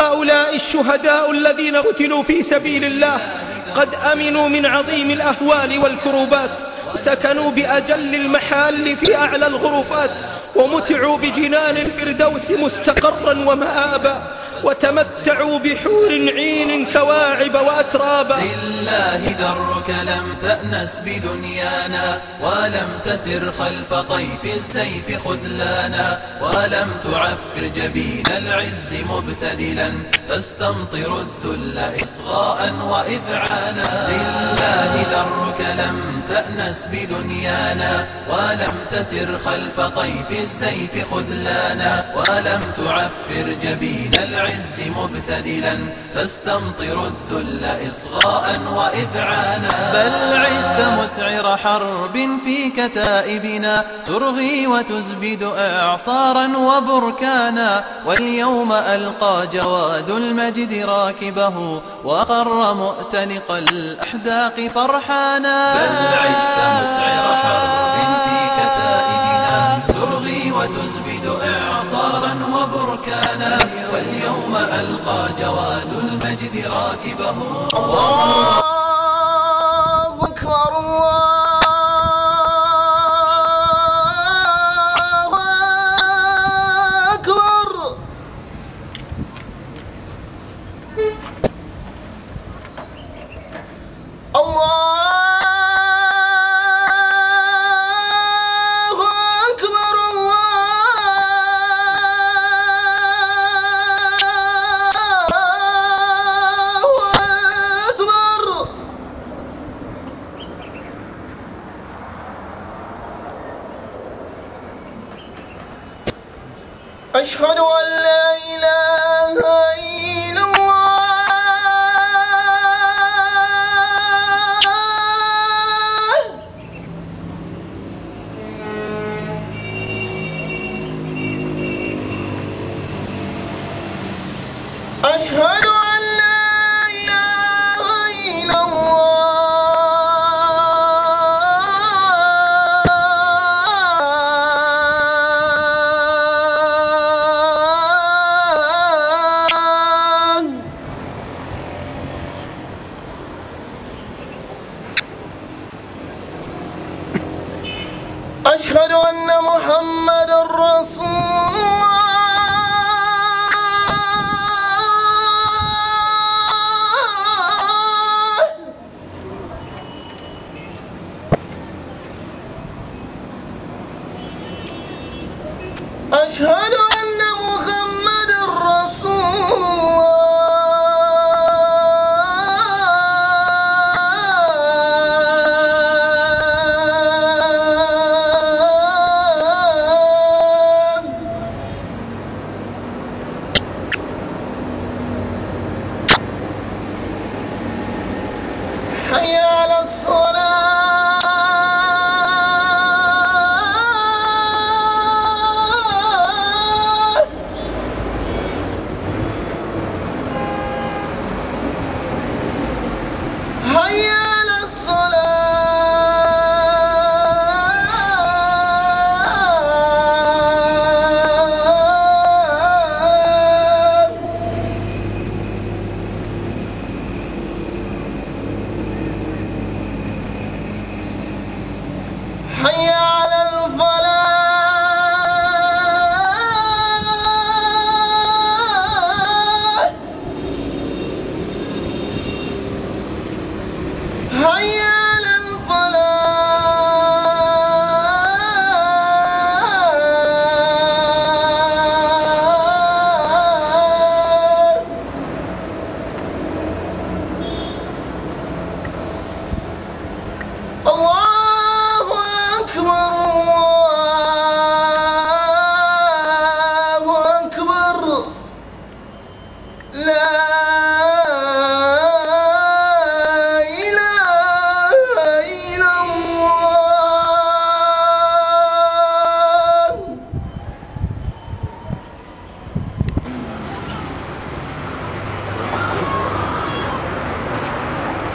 هؤلاء الشهداء الذين قتلوا في سبيل الله قد أمنوا من عظيم الأهوال والكروبات سكنوا بأجل المحال في أعلى الغرفات ومتعوا بجنان الفردوس مستقرا ومآبا وتمتعوا بحور عين كواعب وأترابا لله درك لم تأنس بدنيانا ولم تسر خلف طيف السيف خذلانا ولم تعفر جبين العز مبتدلا تستمطر الذل إصغاء وإذعانا لله درك لم تأنس بدنيانا ولم تسر خلف طيف السيف خذلانا ولم تعفر جبين العز العز مبتذلا تستمطر الذل إصغاء وإذعانا بل عشت مسعر حرب في كتائبنا ترغي وتزبد إعصارا وبركانا واليوم ألقى جواد المجد راكبه وقر مؤتلق الأحداق فرحانا بل عشت مسعر حرب في ألقى جواد المجد راكبه الله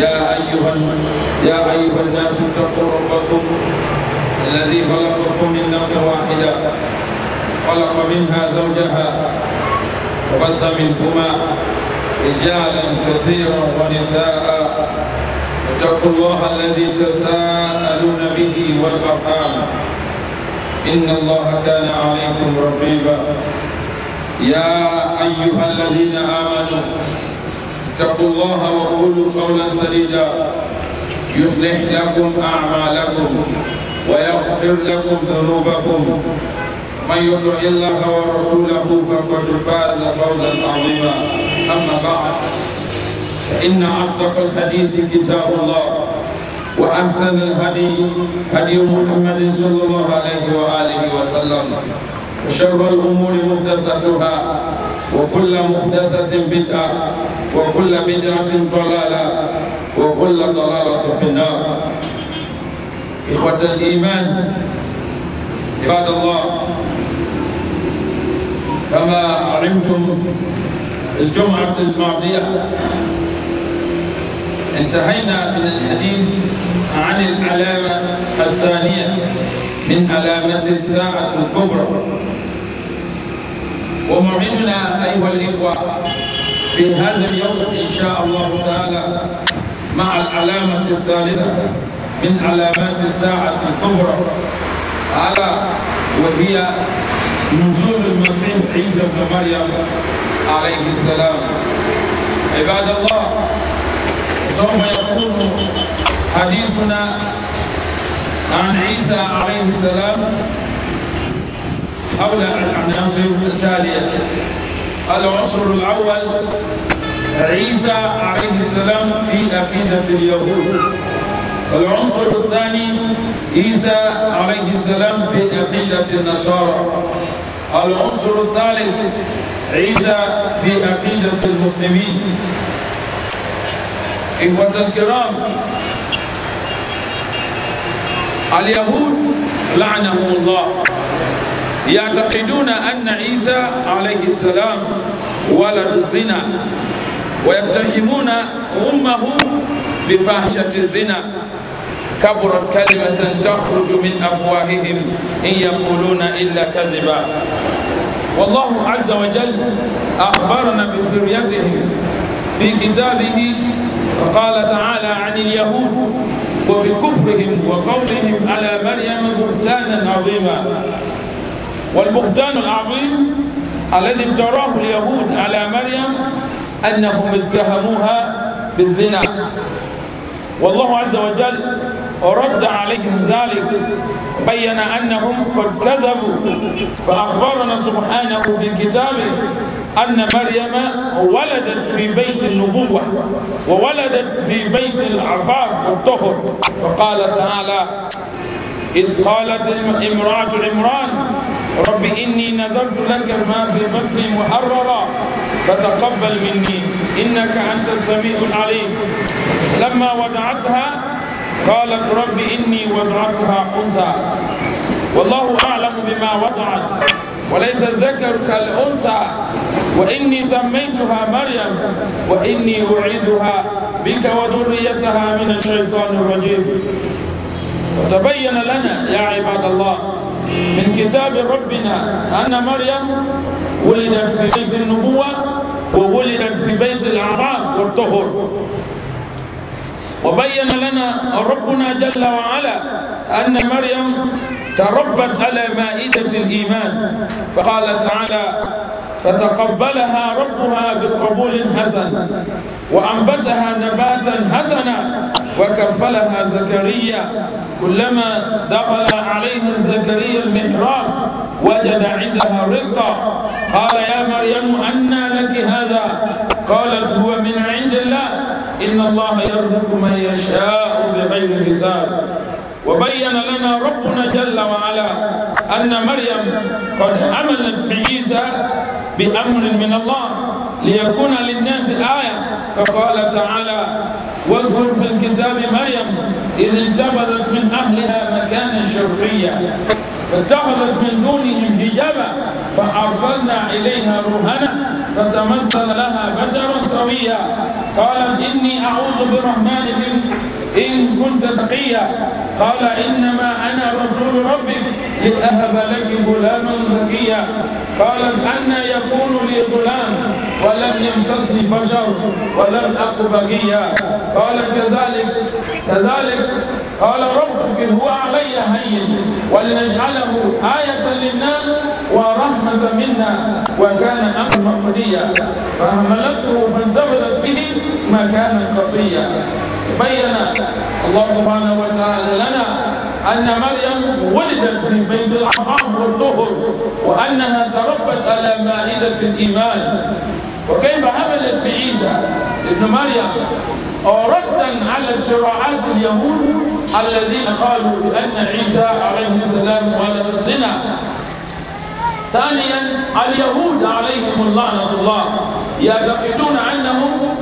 يا أيها يا أيها الناس اتقوا ربكم الذي خلقكم من نفس واحدة خلق منها زوجها وبث منهما رجالا كثيرا ونساء اتقوا الله الذي تساءلون به والأرحام إن الله كان عليكم رقيبا يا أيها الذين آمنوا اتقوا الله وقولوا قولا سديدا يصلح لكم أعمالكم ويغفر لكم ذنوبكم من يطع الله ورسوله فقد فاز فوزا عظيما أما بعد فإن أصدق الحديث كتاب الله وأحسن الهدي هدي محمد صلى الله عليه وآله وسلم وشر الأمور محدثتها وكل محدثة بدعة وكل بدعة ضلالة وكل ضلالة في النار إخوة الإيمان عباد الله كما علمتم الجمعة الماضية انتهينا من الحديث عن العلامة الثانية من علامة الساعة الكبرى ومعلمنا أيها الإخوة في هذا اليوم إن شاء الله تعالى مع العلامة الثالثة من علامات الساعة الكبرى على وهي نزول المسيح عيسى بن مريم عليه السلام عباد الله سوف يكون حديثنا عن عيسى عليه السلام حول العناصر التالية العنصر الأول عيسى عليه السلام في عقيدة اليهود العنصر الثاني عيسى عليه السلام في عقيدة النصارى العنصر الثالث عيسى في عقيدة المسلمين إخوة الكرام اليهود لعنهم الله يعتقدون أن عيسى عليه السلام ولد الزنا ويتهمون أمه بفاحشة الزنا كبرت كلمة تخرج من أفواههم إن يقولون إلا كذبا والله عز وجل أخبرنا بسريتهم في كتابه قال تعالى عن اليهود وبكفرهم وقولهم على مريم بهتانا عظيما والبهتان العظيم الذي افتراه اليهود على مريم أنهم اتهموها بالزنا والله عز وجل رد عليهم ذلك بين أنهم قد كذبوا فأخبرنا سبحانه في كتابه أن مريم ولدت في بيت النبوة وولدت في بيت العفاف والطهر فقال تعالى إذ قالت امرأة عمران رب إني نذرت لك ما في بطني محررا فتقبل مني إنك أنت السميع العليم لما وضعتها قالت رب إني وضعتها أنثى والله أعلم بما وضعت وليس الذكر كالأنثى وإني سميتها مريم وإني أعيدها بك وذريتها من الشيطان الرجيم وتبين لنا يا عباد الله من كتاب ربنا أن مريم ولدت في بيت النبوة وولدت في بيت العفاف والطهر وبين لنا ربنا جل وعلا أن مريم تربت على مائدة الإيمان فقال تعالى فتقبلها ربها بقبول حسن وأنبتها نباتا حسنا وكفلها زكريا كلما دخل عليها زكريا المحراب وجد عندها رزقا قال يا مريم أنى لك هذا قالت هو من عند الله إن الله يرزق من يشاء بغير حساب وبين لنا ربنا جل وعلا أن مريم قد حملت بعيسى بأمر من الله ليكون للناس آية فقال تعالى واذكر في الكتاب مريم إذ انتبذت من أهلها مكانا شرقيا فاتخذت من دونهم حجابا فأرسلنا إليها روحنا فتمثل لها بشرا سويا قالت إني أعوذ برحمن منك إن كنت تقيا قال إنما أنا رسول ربك لأهب لك غلاما زكيا قالت أنا يكون لي غلام ولم يمسسني بشر ولم اق بقيا قال كذلك كذلك قال ربك هو علي هين ولنجعله آية للناس ورحمة منا وكان أمر مقضيا فهملته فانتبذت به مكانا خفيا بين الله سبحانه وتعالى لنا أن مريم ولدت في بيت الحرام والطهر وأنها تربت على مائدة الإيمان وكيف حملت بعيسى ابن مريم عرضا على ذراعات اليهود الذين قالوا بأن عيسى عليه السلام ولد الزنا ثانيا اليهود عليهم لعنة الله يعتقدون أنه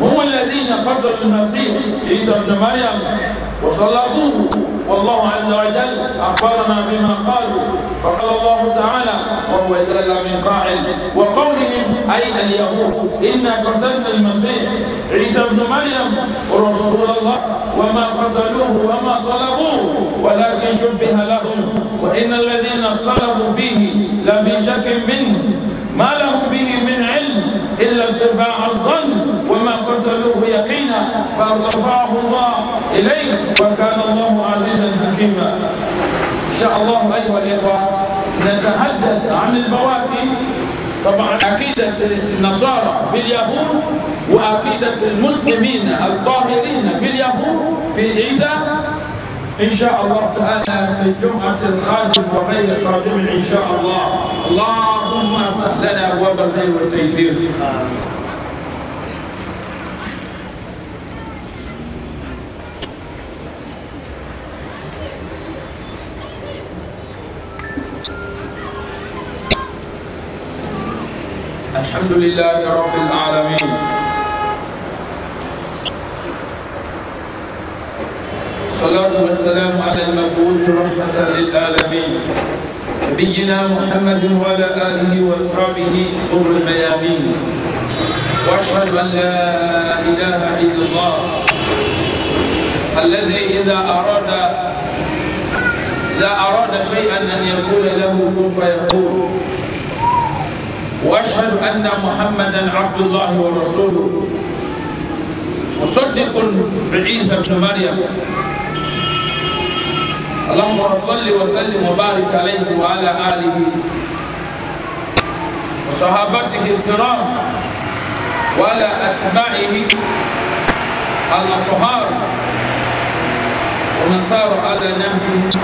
هم الذين قتلوا المسيح عيسى بن مريم وصلبوه والله عز وجل أخبرنا بما قالوا فقال الله تعالى وهو يتلى من قائل وقولهم أي اليهود إنا قتلنا المسيح عيسى بن مريم رسول الله وما قتلوه وما طلبوه ولكن شبه لهم وإن الذين طلبوا فيه لفي شك منه ما لهم به من علم إلا اتباع الظن وما قتلوه يقينا فرفعه الله إليه وكان الله عزيزا حكيما إن شاء الله أيها الإخوة نتحدث عن البواكي طبعا عقيدة النصارى في اليهود وعقيدة المسلمين الطاهرين في اليهود في عيسى إن شاء الله تعالى في الجمعة القادمة وغير القادمة إن شاء الله اللهم افتح لنا أبواب الخير والتيسير الحمد لله رب العالمين الصلاة والسلام على المبعوث رحمة للعالمين نبينا محمد وعلى آله وأصحابه قر الميامين وأشهد أن لا إله إلا الله الذي إذا أراد إذا أراد شيئا أن يقول له كن فيقول واشهد ان محمدا عبد الله ورسوله مصدق بعيسى ابن مريم اللهم صل وسلم وبارك عليه وعلى اله وصحابته الكرام وعلى اتباعه الاطهار ومن سار على نهجه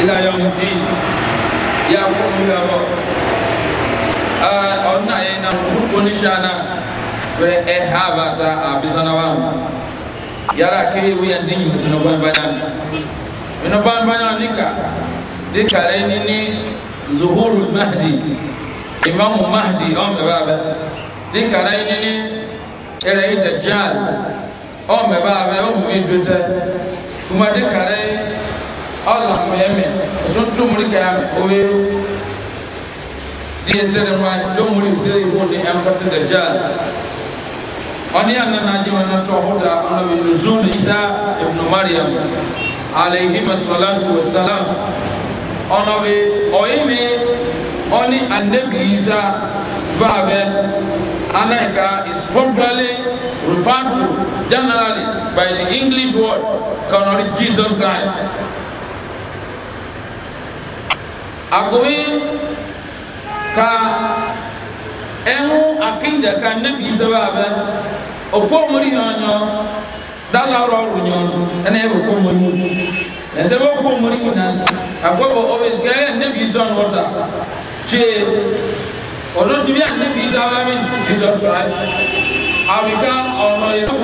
الى يوم الدين يا قوم يا رب ɔna yɛ na onisiana fɛ ɛha bata abisanawa yara ke wiya den yi mutu nɔbɔn banya nɔbɔn banya ni ka de kare ni ni zuhuru mahdi imamu mahdi ɔn bɛ b'a bɛ de kare nini ni yɛrɛ yi dajjal ɔn bɛ b'a bɛ ɔn mu yi do tɛ kuma de kare ɔlan mɛmɛ tuntun mu de kɛ o ye diye sere ma do muri sere ko ni am fata dajjal oni anna naji wannan to hoda annabi nuzul isa ibn maryam alayhi salatu wassalam ono be oyimi oni annabi isa babe anaika is popularly referred to generally by the english word called jesus christ agumi ka ɛho akinda ka nabi isa ba bɛ ɔpɔ mori nyɔnyɔ dala rɔru nyɔnu ɛna ɛbɛ kɔ mori mu ɛsɛ bɛ kɔ mori mu na agbɔ bɔ ɔbɛ sika ɛyɛ nabi isa wɔta tse ɔdo tibi a nabi isa bɛ mi jesus christ abika ɔnɔ yɛ kɔ.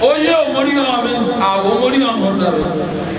oye omori hàn mi àwọn omori hàn mọ̀ta bẹ́ẹ̀.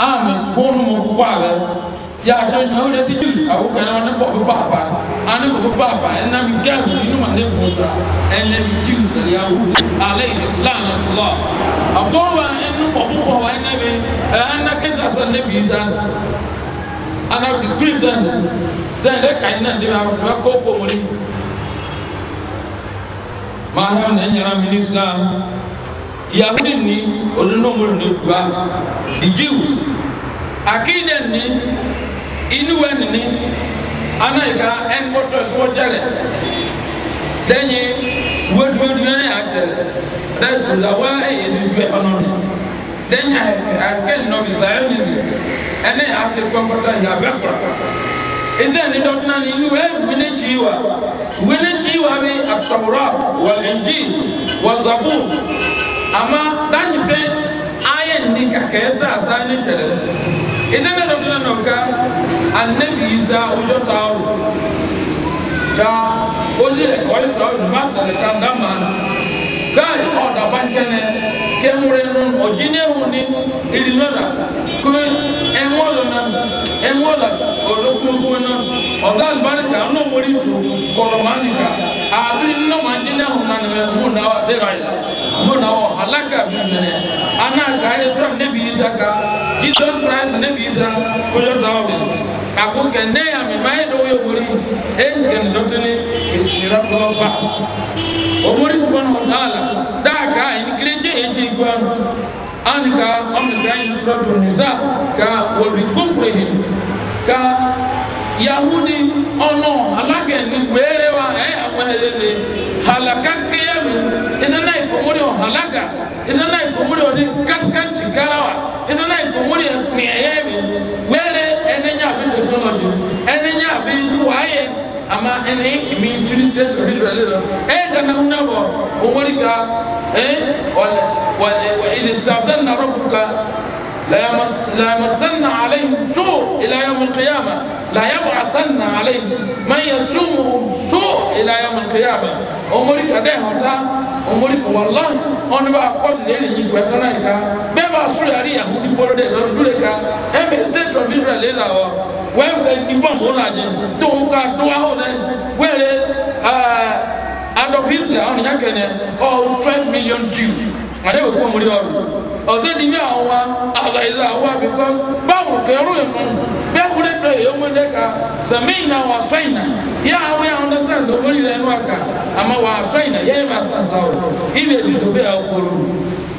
ama bɔnu mo kɔ alɛ yàtɔ nyɔ wòle si jus awo kana wọn bɔ bɛ paapa ani bɔ bɛ paapa ɛna e mi gaagu inu ma ne bɔ sa ɛna e mi jus ɛna yawo ale yi lana lɔ abɔwa ɛnu bɔbɔ bɔwa ɛna mi ɛna kesa sa ne bi sa ana bi kristian sɛ ɛdɛ ka ina de ma sɛ ko ko mo ni maa hɛn na nyɛra mi ni islam yahudi ni olu n'o mo tuba di jews akida ni inuwa nini ana yi ka ɛnkɔtɔ sɔgɔ jɛlɛ dɛnyi wodowodowo yɛ atɛlɛ dɛ kula wa eye ti du ɛhɔnɔ ni dɛnyi akɛ nɔbi sayɛ ni zi ɛnɛ ase kɔnkɔtɔ yi abɛ kura ɛsɛ ni dɔtuna ni inuwa yɛ wele tsi wa wele tsi wa bi atɔwura wa ɛnji wa zabu ama danyi se ayɛ ni kakɛ ɛsɛ asa ni tɛlɛ izene dɔ tena nɔ ka anabi isa ojɔ taa o ka ozi rɛ kɔli sa o nuba sari ka dama kaa ɔda ba kɛnɛ kɛmure nu ɔjinɛ hu ni iri nɔra ko ɛŋɔlɔ na ɛŋɔlɔ olokunku na ɔza alibarika ɔnɔ mori tu kɔlɔmani ka abi nnɔma jinɛ hu na nimɛ mu na wa se ra yi mu na wa halaka minɛ a ka ye sɔrɔ ne bi isa kan jesus christ ne bi isa ko yɔrɔ t'aw de a ko kɛ ne y'a mɛ maa ye dɔw ye wuli e sɛgɛ nin dɔ tɛni kisigira dɔw ba o mori sɔgɔnɔ o t'a la daa ka ye ni kirece ye ce gan an ka an bɛ taa yin sɔrɔ tun nisa ka o bi kofure ka yahudi ɔnɔ ala kɛ ni wɛrɛ wa ɛ eh, a wɛrɛ de halaka kɛ halaka isana ikomuri wasi kaskanchi karawa isana ikomuri niyayemi wele enenya abi technology enenya abi suwaye ama ene mi tuli state of israel lo e kana unabo umuri ka e wal wal wa iz ta'dhanna rabbuka لا يمسن عليهم سوء إلى يوم القيامة لا يبعثن عليهم من يسومهم سوء إلى يوم القيامة أمريكا ده omori ko wallahi on ba ko le ni ni gwa tona ka be ba su ya yahudi bolo de don dure ka e be state of israel le la wa we ka ni bom ho na je to ka do a ho ne we le ah adolf hitler on yakene oh 12 million jew ade ko omori wa ọ̀dẹ́ni bí àwọn wa àlàyé àwọn because báwo kẹrù ìmọ̀ bí akúrẹ́ tó èyí ọmọ ẹ̀dẹ́ ká sẹ̀mí iná wà sẹ́yìn náà yẹ àwọn yà understand ló wọlé lẹ́nu àká àmọ́ wà sẹ́yìn náà yẹ ẹ̀ máa sàṣà o ibi èdìsọ bí àwọn kúrò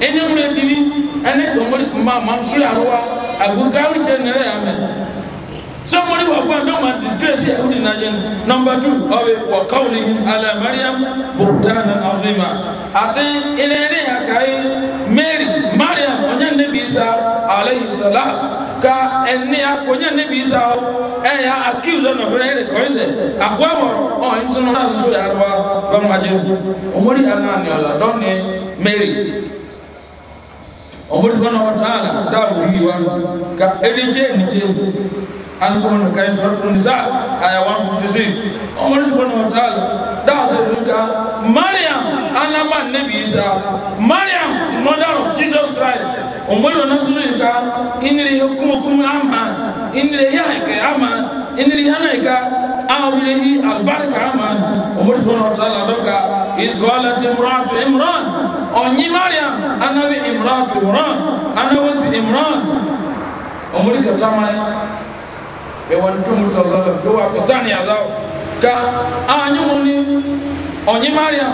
ẹni múlẹ̀ dìní ẹni kò múlẹ̀ kò máa máa ń sọ àrùwá àbùkárí jẹ nílẹ̀ yà mẹ́ somebody wà fún àdó máa disgrace yà wúni náà yẹn number two ọbẹ̀ wà káwọlì alẹ mariam bùtánà àfihàn àti ilẹ̀ ilẹ̀ yà káyé mary isa alayhi salam ka ɛni akonya nebi isa o ɛya akiwuso nɔfɛlɛ yɛrɛ kɔnsɛ akoamɔ ɔ ɛnisɔnɔ na soso yɛrɛ wa bamajɛ omori anani ɔla dɔni mary omori bana wa taala daabu yi wa ka ɛdijɛ nijɛ alikɔmɔ ka ɛfɛ tunisa aya one fifty six omori bana wa taala daa sɛ ka mariam anama nebi isa mariam mother omuliro nasulika inirihe kumukumu ama inirihe haika ama inirihe naika awulehi albarika ama omuliro subhanahu wa ta'ala doka is qalat imra'atu imran onyi maryam anabi imra'atu imran anawasi imran omulika tamai ewantumu sallallahu alaihi wa sallam dowa kutani azao ka anyumuni onyi maryam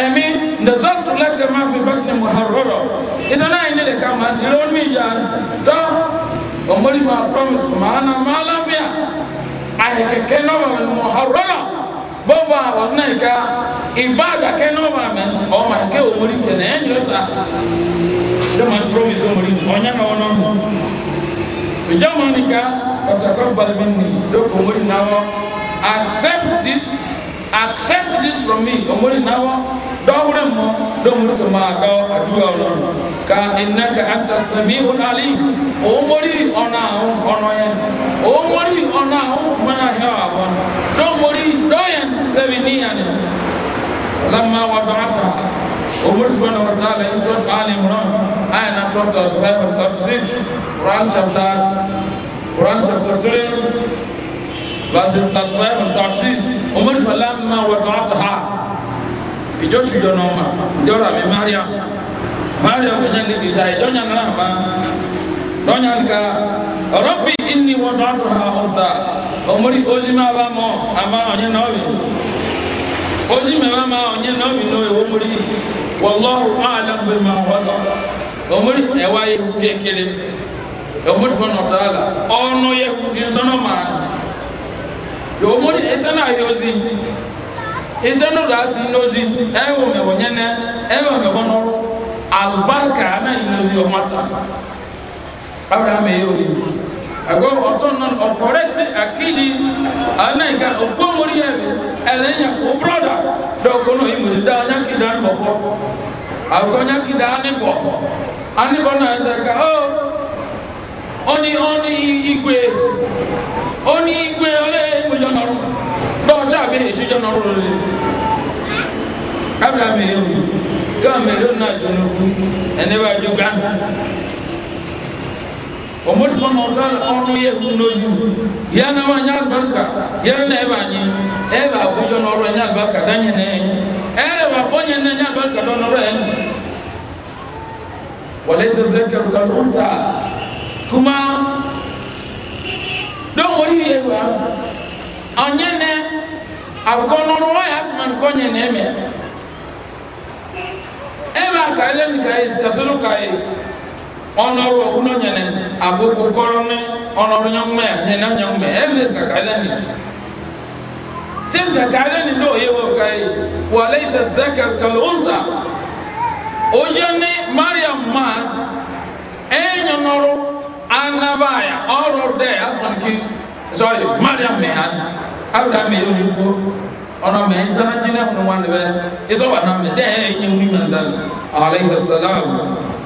ɛmi ndazɔtu lɛtɛ ma fi bɛtɛ muharɔrɔ isana yi ne de kama nirɔn mi ya dɔ ɔmɔli ma promise maana ma lafiya a yi kɛkɛ nɔba mɛ muharɔrɔ bɔbɔ a wɔn na yi ka ibada kɛ nɔba mɛ ɔma kɛ ɔmɔli kɛ na ɛnyɛ sa dama promise ɔmɔli ɔnyɛ na ɔnɔ ìjọba nìkan kọtàkọ balùwẹ̀ ni dókòwò ní náwó accept this accept this from me omori nawa dɔwure mɔ dɔwure ko maa dɔ aduwa o lɔrɔ ka enaka ata sami o lali omori ɔna o ɔnɔ yɛ omori ɔna o mana hɛ o awɔ dɔwori dɔyɛ sɛbi ni yanni lamma wa dɔgɔta omori subahana wa taala yi sɔ baali mura aya na tɔ tɔ five and thirty six quran chapter quran chapter three verses thirty five and thirty six umar falamma wada'ataha ijo sujono ma jora mi maria maria ko nyani bisa ijo nyana na ma do nyan ka rabbi inni wada'ataha unta umar ozima ba mo ama onye na obi ozima ba ma onye na obi no ewo muri wallahu a'lam bima wada'a umar ewa ye kekere umar subhanahu wa ta'ala omori ese na ahịa ozi asị n'ozi ewe omegbo nye ne ewe omegbo albarka anaghị n'ozi ọmata abraham eyi ori agwa ọtọ nọ ọkọrẹtị akidi anaghị ka ya nọ imere da onye akida anụ ọkpọ agwa onye akida anịbọ anịbọ na ka o oh. oni oni igwe oni igwe ole mo jọ nọrọ bọ ṣe àbí èsì jọ nọrọ lórí abúlé mi yẹn o káwọn mẹrin náà jọ lóku ẹni bá jọ gbà omotuma ma ọdọ ọdún yẹ kú n'oyi yẹn náà wà nyà àlùbáríkà yẹn náà ẹ bá nyi ẹ bá àgbójọ n'ọrọ nyà àlùbáríkà dányẹ náà ẹ ẹ bá bọ nyẹ náà nyà àlùbáríkà dọ n'ọrọ yẹn wọlé sẹsẹ kẹrù kàlùkù sáà kuma dɔnkɔri yɛ wa ɔnyɛ nɛ akɔnɔrɔ wɔyɛ asuman kɔnyɛ nɛ mɛ ɛmɛ akaele ni ka ye kasoro ka ye ɔnɔrɔ ɔkunɔ nyɛ nɛ agogo kɔrɔ nɛ ɔnɔrɔ nyɔnkumɛ nyɛnɛ nyɔnkumɛ ɛmɛ ka kaele ni sɛsika kaele ni n'o ye wo ka ye wale sɛ zɛkɛri kalo onza o jɛ ni mariam ma E nyɔnɔrɔ. Anabaya, all of there, as one king, sorry, Mariam Mehan, Abda Mehan, ọ̀nà mẹ́rin sára jìnnà fún wọn bẹ́ẹ̀ ẹ̀sọ́ wà náà mẹ́rin dẹ́ẹ̀ ẹ̀yẹ wí mẹ́rin dán alayhi salam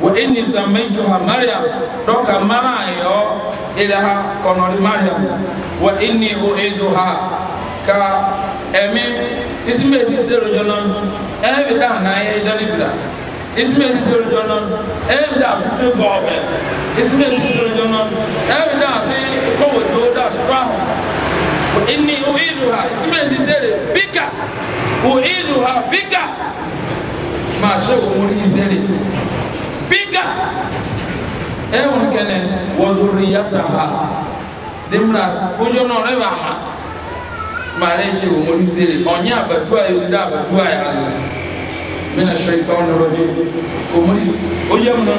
wa inni samaitu ha mariam dɔnka mana yɔ ila ha kɔnɔri mariam wa inni o edu ha ka ɛmi isimesi sero jɔnna ɛmi daa naa yɛ e, dani bila isime sisoro jɔnɔ ɛyɛ bi daa so tiri gɔɔbɛ isime sisoro jɔnɔ ɛyɛ bi daa so kɔwɔ doo daa so tɔ ahɔ inni uizu ha isime sisere bika uizu ha bika maa se wo muri sisere bika ɛyɛ wɔn kɛnɛ wɔzori yata ha demura ojɔnɔ rɛ b'a ma maa le se wo muri sisere ɔnyɛ abaduwa yi o ti da abaduwa yi من الشيطان الرجيم ومري ويمنا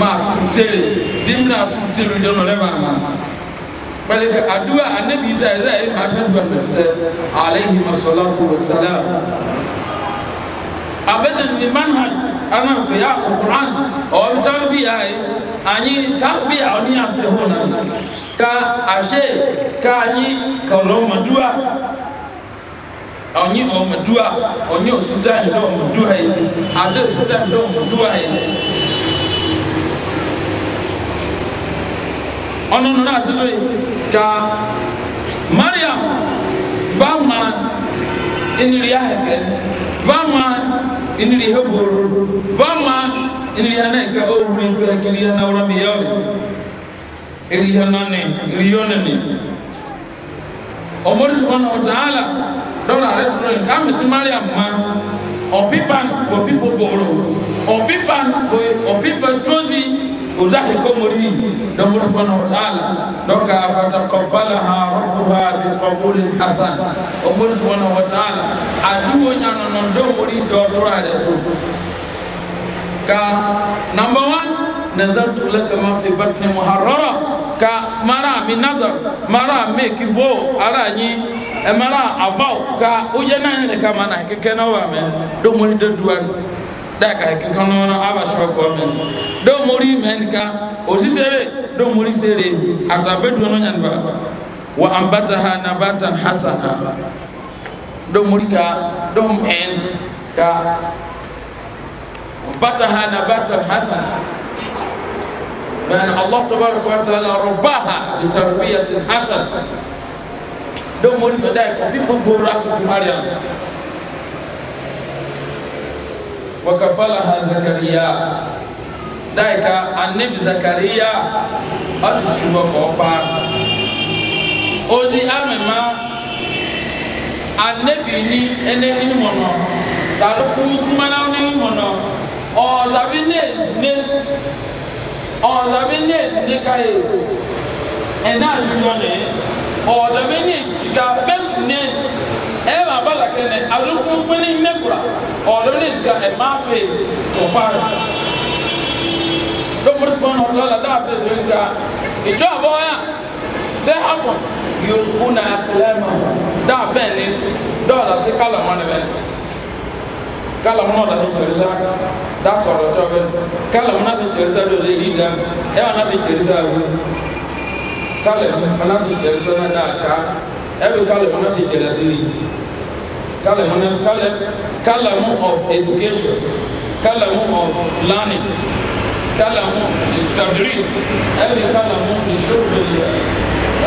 ما سنسل دمنا سنسل جنو لما بلك أدوى النبي صلى الله ما وسلم أشهد بالمفتة عليه الصلاة والسلام أبزن بمنهج أنا في القرآن أو تربية أني تربية أني أسهونا كأشي كأني كلام أدوى ɔnye ɔmo du a ɔnye osutan dɛ ɔmo du ha yi ade osutan e, dɛ ɔmo du ha yi e. ɔno no naa soso e, yi ka mariam bama eniri ahɛkɛ bama eniri heboro bama eniri anayika owurintɔ ekiri anawura miyɛwɛ eri yɛ nɔni eri yɔ ɔmɔdi subahana wa taala dɔwɔra ale sɔrɔ yen k'a misi mariam ma ɔpipan ko pipo boro ɔpipan ko ɔpipan tozi o da ko mori dɔwɔri subahana wa taala dɔwɔka fata kɔbala ha rɔbuha bi kɔbuli hasan ɔmɔdi subahana wa taala a duwo nyanɔnɔ dɔw mori dɔwɔtɔrɔ yɛrɛ so ka namba wa nazartu laka ma fi batni muharrara ka mara mi nazar mara mi kivo ara nyi e mara avau ka uje na ne ka mana ke ke wa me do mo de duan da ka ke ka no na aba sho ko me do mo ri men ka o si sere do mo ri sere ata be do no nyan ba wa ambataha nabatan hasana do mo ri ka do en ka bataha nabatan hasana بأن الله تبارك وتعالى رباها بتربية حسنة دون مريد ذلك people go رأس مريم وكفلها زكريا ذلك النبي زكريا أسجد وقوبان أوزي أمما النبي ني أنه نمنا تعلقوا كمانا نمنا أو زبيني ɔdɔbi ne nika ye ɛna adudɔ ne ɔdɔbi ne tiga bɛntu ne ɛma bala kɛnɛ aluku gbɛni ne kura ɔdɔbi ne tiga ɛma fe ɔpaara dɔkɔri sɔgbɔn ɔdɔ la daa se zoli ka ìjọ àbọ̀wọ́yà sɛ hapun yorùbá náà kẹlẹ́ mọ́ daa bẹ́ẹ̀ ni dɔw la se kálọ̀ mọ́ni bẹ́ẹ̀ kala mun na sin cherisa da kɔrɔ tɔ bɛ kala mun na sin cherisa do le yi da e wa na sin cherisa wo kala mun na sin cherisa na da ka e bi kala mun na sin cherisa yi kala mun na kala kala mun of education kala mun of learning kala mun tadris e bi kala mun ni shurbi eh,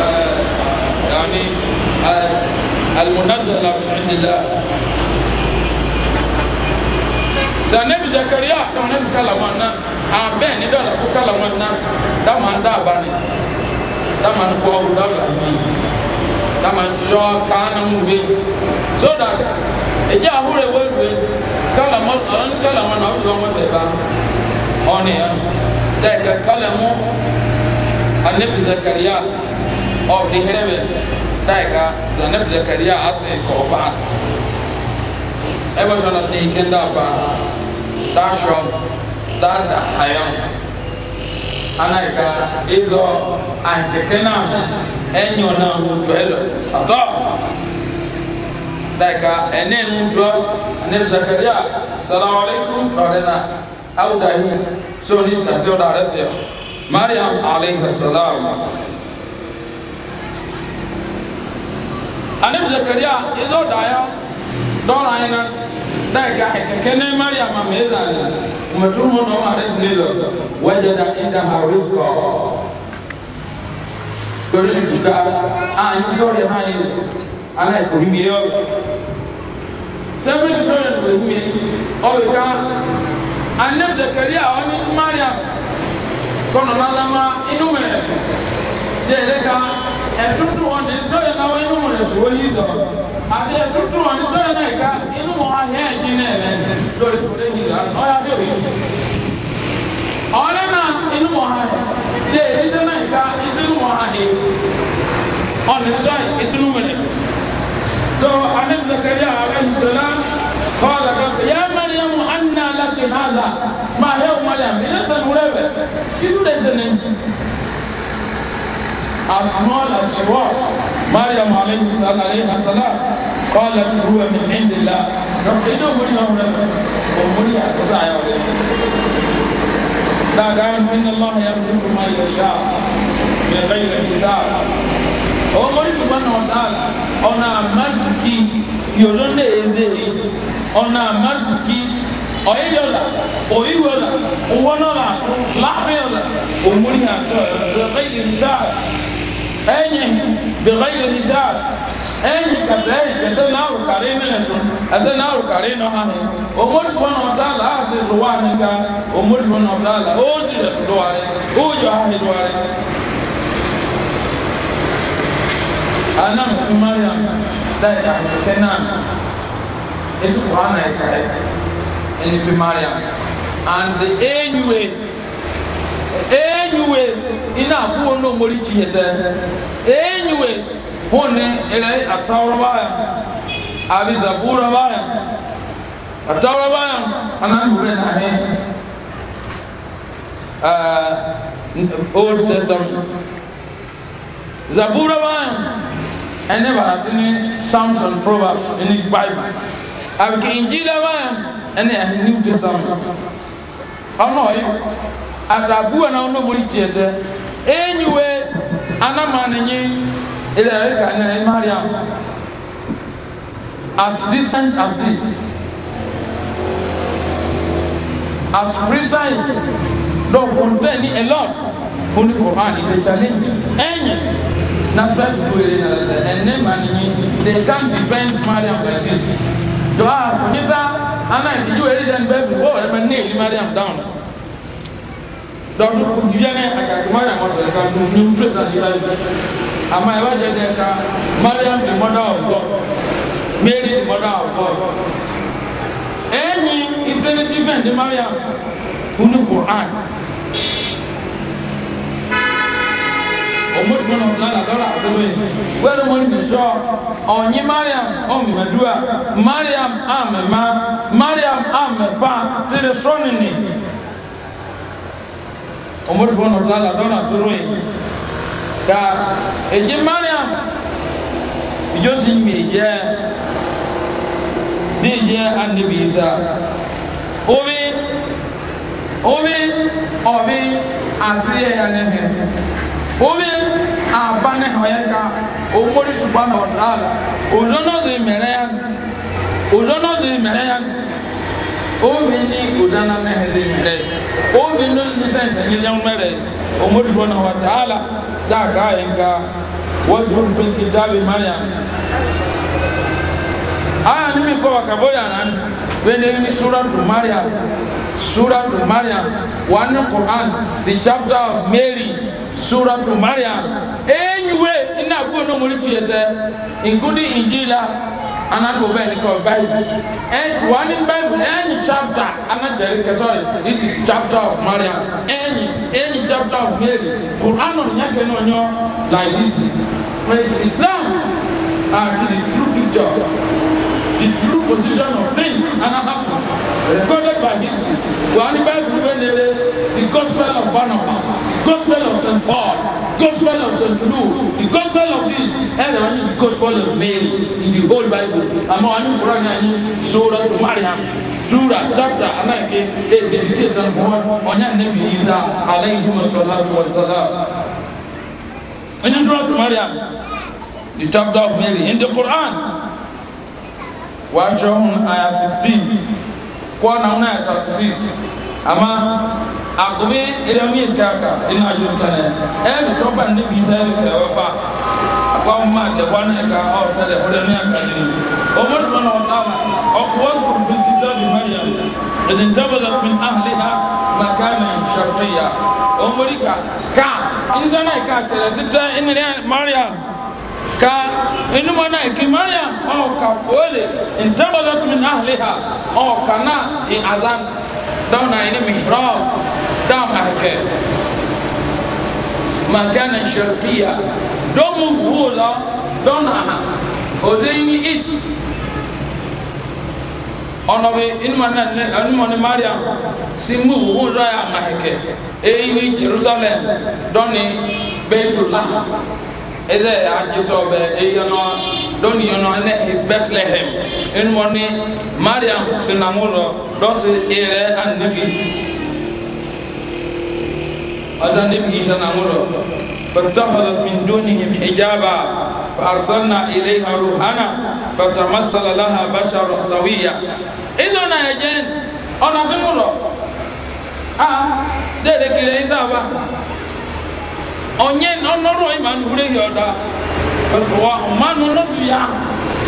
yani المنزل من عند الله da ne bi zakariya da ne kala wannan a bɛn ni dɔw la ko kala wannan da man da ba ne da man bɔ da ba ne da sɔ kaana mu be so da e jɛ ahure wo we kala mɔ ɔn kala mɔ na o zɔn mɔ bɛ ba ɔne yɛn da ka kala mɔ a ne zakariya ɔ bi bɛ da ka zanɛ zakariya a sɛ kɔrɔba ɛbɛ sɔn na tɛyi kɛn daa paa daa sɔm daa da hayam ana yi ka ezɔ ahikɛkɛ naa ɛnyɔ naa o tɔɛ lɔ atɔ daa yi ka ɛnɛ mu tɔ ne zakariya salamaleykum tɔɔrɛ na aw dahi sɔɔni tasiw daa rɛ seɛ mariam aleyhi salam. anabi zakariya ezɔ daa yɔ dɔɔla yɛ na da yi ka hɛkɛ kɛnɛ mariya ma mɛ la yɛ mɛ turu mu nɔ ma rɛsi ne lɔ wajɛ da e da ha o kɔ kɔri ni duka a n sɔrɔ yɛ n'a ye ala ye kori mi yɛ sɛbɛn ti sɔrɔ yɛ kori mi ɔ bɛ ka a ne bɛ kari a ɔ ni mariya kɔnɔ na lama inu mɛ dɛrɛ kan ɛtutu wɔn ni sɔrɔ na wɔn inú rɛ sɔ yi zɔ àti ɛtutu wɔn ni sɔrɔ na ìka inú wɔn ahẹ́ ẹ̀dín náà lɛ lórí kúrẹ́ yìí zɔ ɔyà bẹ́ẹ̀ wí. ɔrẹ́ náà inú wɔn ahẹ́ dé ìṣe náà ìka ìṣe inú wɔn ahẹ́ ɔnì sɔ ìṣe inú wẹ̀lẹ̀. tó alẹ́ zakari alẹ́ nìjọba kọ́ ọ̀dà kan yẹ́ mẹ́rin anna lakin as small as she was, Maryam alayhi salam qalat huwa min indillah. Ina muri na wuri ko muri a kusa ya wuri. Da ga yin inna Allah ya rubu ma ya sha min ghayri hisab. O muri subhanahu wa ta'ala ona amanki yolonde ezeri ona amanki oyeyola oyiwola owonola lahoyola omuri ha ko ghayri hisab ɛnyɛ bɛgɛyɛ nisa ɛnyɛ kasa ɛnyɛ kasa n'awo kare mɛ so ɛsɛ n'awo kare nɔ ha o mɔri fɔ nɔ ta la a se do wa ne ka o mɔri fɔ nɔ ta la o si yɛ do wa ne o yɔ a he do wa ne. ana mariam da yi a kɛ na esu kura na yi ka yi mariam and the anyway enyiwe ina abuwo no mori kiyete enyiwe hone ere atawra baya abi zabura baya atawra baya anan hure na he uh, old testament zabura baya ene baratini samson proverbs ini bible abi ke injila baya ene new testament ọ̀nà ọ̀yọ́ atabuwa na ono muri chete enyuwe anamane nyi ile eka ne Maryam as distant as this as precise don contain a lot only Quran is a challenge enye na fẹ́ gbogbo ẹ̀ nà lẹ́sẹ̀ ẹ̀nẹ́ màní yín they can defend Maria by this jọ a kò ní sá anáyìí ti ju èrè dẹ́nu bẹ́ẹ̀ bí wọ́n rẹ̀ mẹ́ ní èyí down. donc diviane akakumana masɔrɔka nu ni ama mariam the mother of god mary the mother of god ẹyin ìsẹlẹ different di mariam kunu quran ọmọdé náà lánàá lọ́la àṣẹwé wẹ́rẹ́ wọn ní sọ ọ̀yin mariam ọ̀mẹ̀dúà mariam amema, mariam omori bɔn nɔtɔ la dɔn na soro ye ka edze mariam idzo si mi dze ne dze anabi isa omi omi ɔbi asi yɛ ya ne hɛ omi aba ne hɛ yɛ ka omori suba nɔtɔ la odono zi mɛrɛ ya odono zi mɛrɛ ya omi ni odana ne hɛ zi mɛrɛ ya o bi no ni sɛn sɛ nyɛ mɛrɛ o mo ti bɔ na wa taala daa kaa yɛn ka wɔsi bɔ fili kitaabi maya aya ni mi kɔ wa ka bɔ yan na bɛ ne ni sura tu maria sura tu maria wa ne quran the chapter of mary sura tu maria enyiwe ina gbɔ n'omori tiɛ tɛ nkudi injila ana ko bɛ ni kɔ baibu and one in Bible, any chapter, I'm not telling you, sorry, this is chapter of Maryam, any, any chapter of Mary, Quran on Yakan on your, like this. But Islam are the true picture, the true position of things, and I happened, recorded by history. One in Bible, when they the gospel of Barnabas, gospel of St. Paul, gospel of St. Luke, the gospel of this, and I the gospel of Mary in the whole Bible. I'm on the Quran and Surah to Maryam. Surah chapter anake e dedicated to God onya nabi Isa alayhi wassalatu wassalam. In Surah to Maryam, the chapter of Mary in the Quran. Watch on ayah 16. Quran 9 36 amma a gobe idan mi iska ka ina ajin kane e mi to ban ni bisa e ka wa ba akwa ma da wani ka o sa da hudan ya ka ni o mo tuma na wata ma o ko was ko fil kitab maryam idan tabadat min ahliha makana sharqiyya o mo rika ka in sana ka tare tita in maryam ka inu mana e ki maryam o ka kole in tabadat min ahliha o kana in e azan دون عين محراب دام أهكا مكانا شرقية دون مفهولا دون أها ودين إيست ọnọbi enumọni mariam si mu wuhu dọ ya maheke eyi ni jerusalem doni beitul laha ɛdɛ agyesɛ ɔbɛ ɛyɛ no dɔnniɛ no ɛnɛ bɛtlɛhem ɛnumɔ ne mariam sinamorɔ dɔsi ɛrɛ anabi ɔda ne bi sinamorɔ فاتخذت من دونهم حجابا فأرسلنا إليها روحنا فتمثل لها بشر سويا إننا يجن أنا سمرة آه ده ده كده إسابة onye ọnọrọ ịma na ure ya ọda wa mmanụ nọsụ ya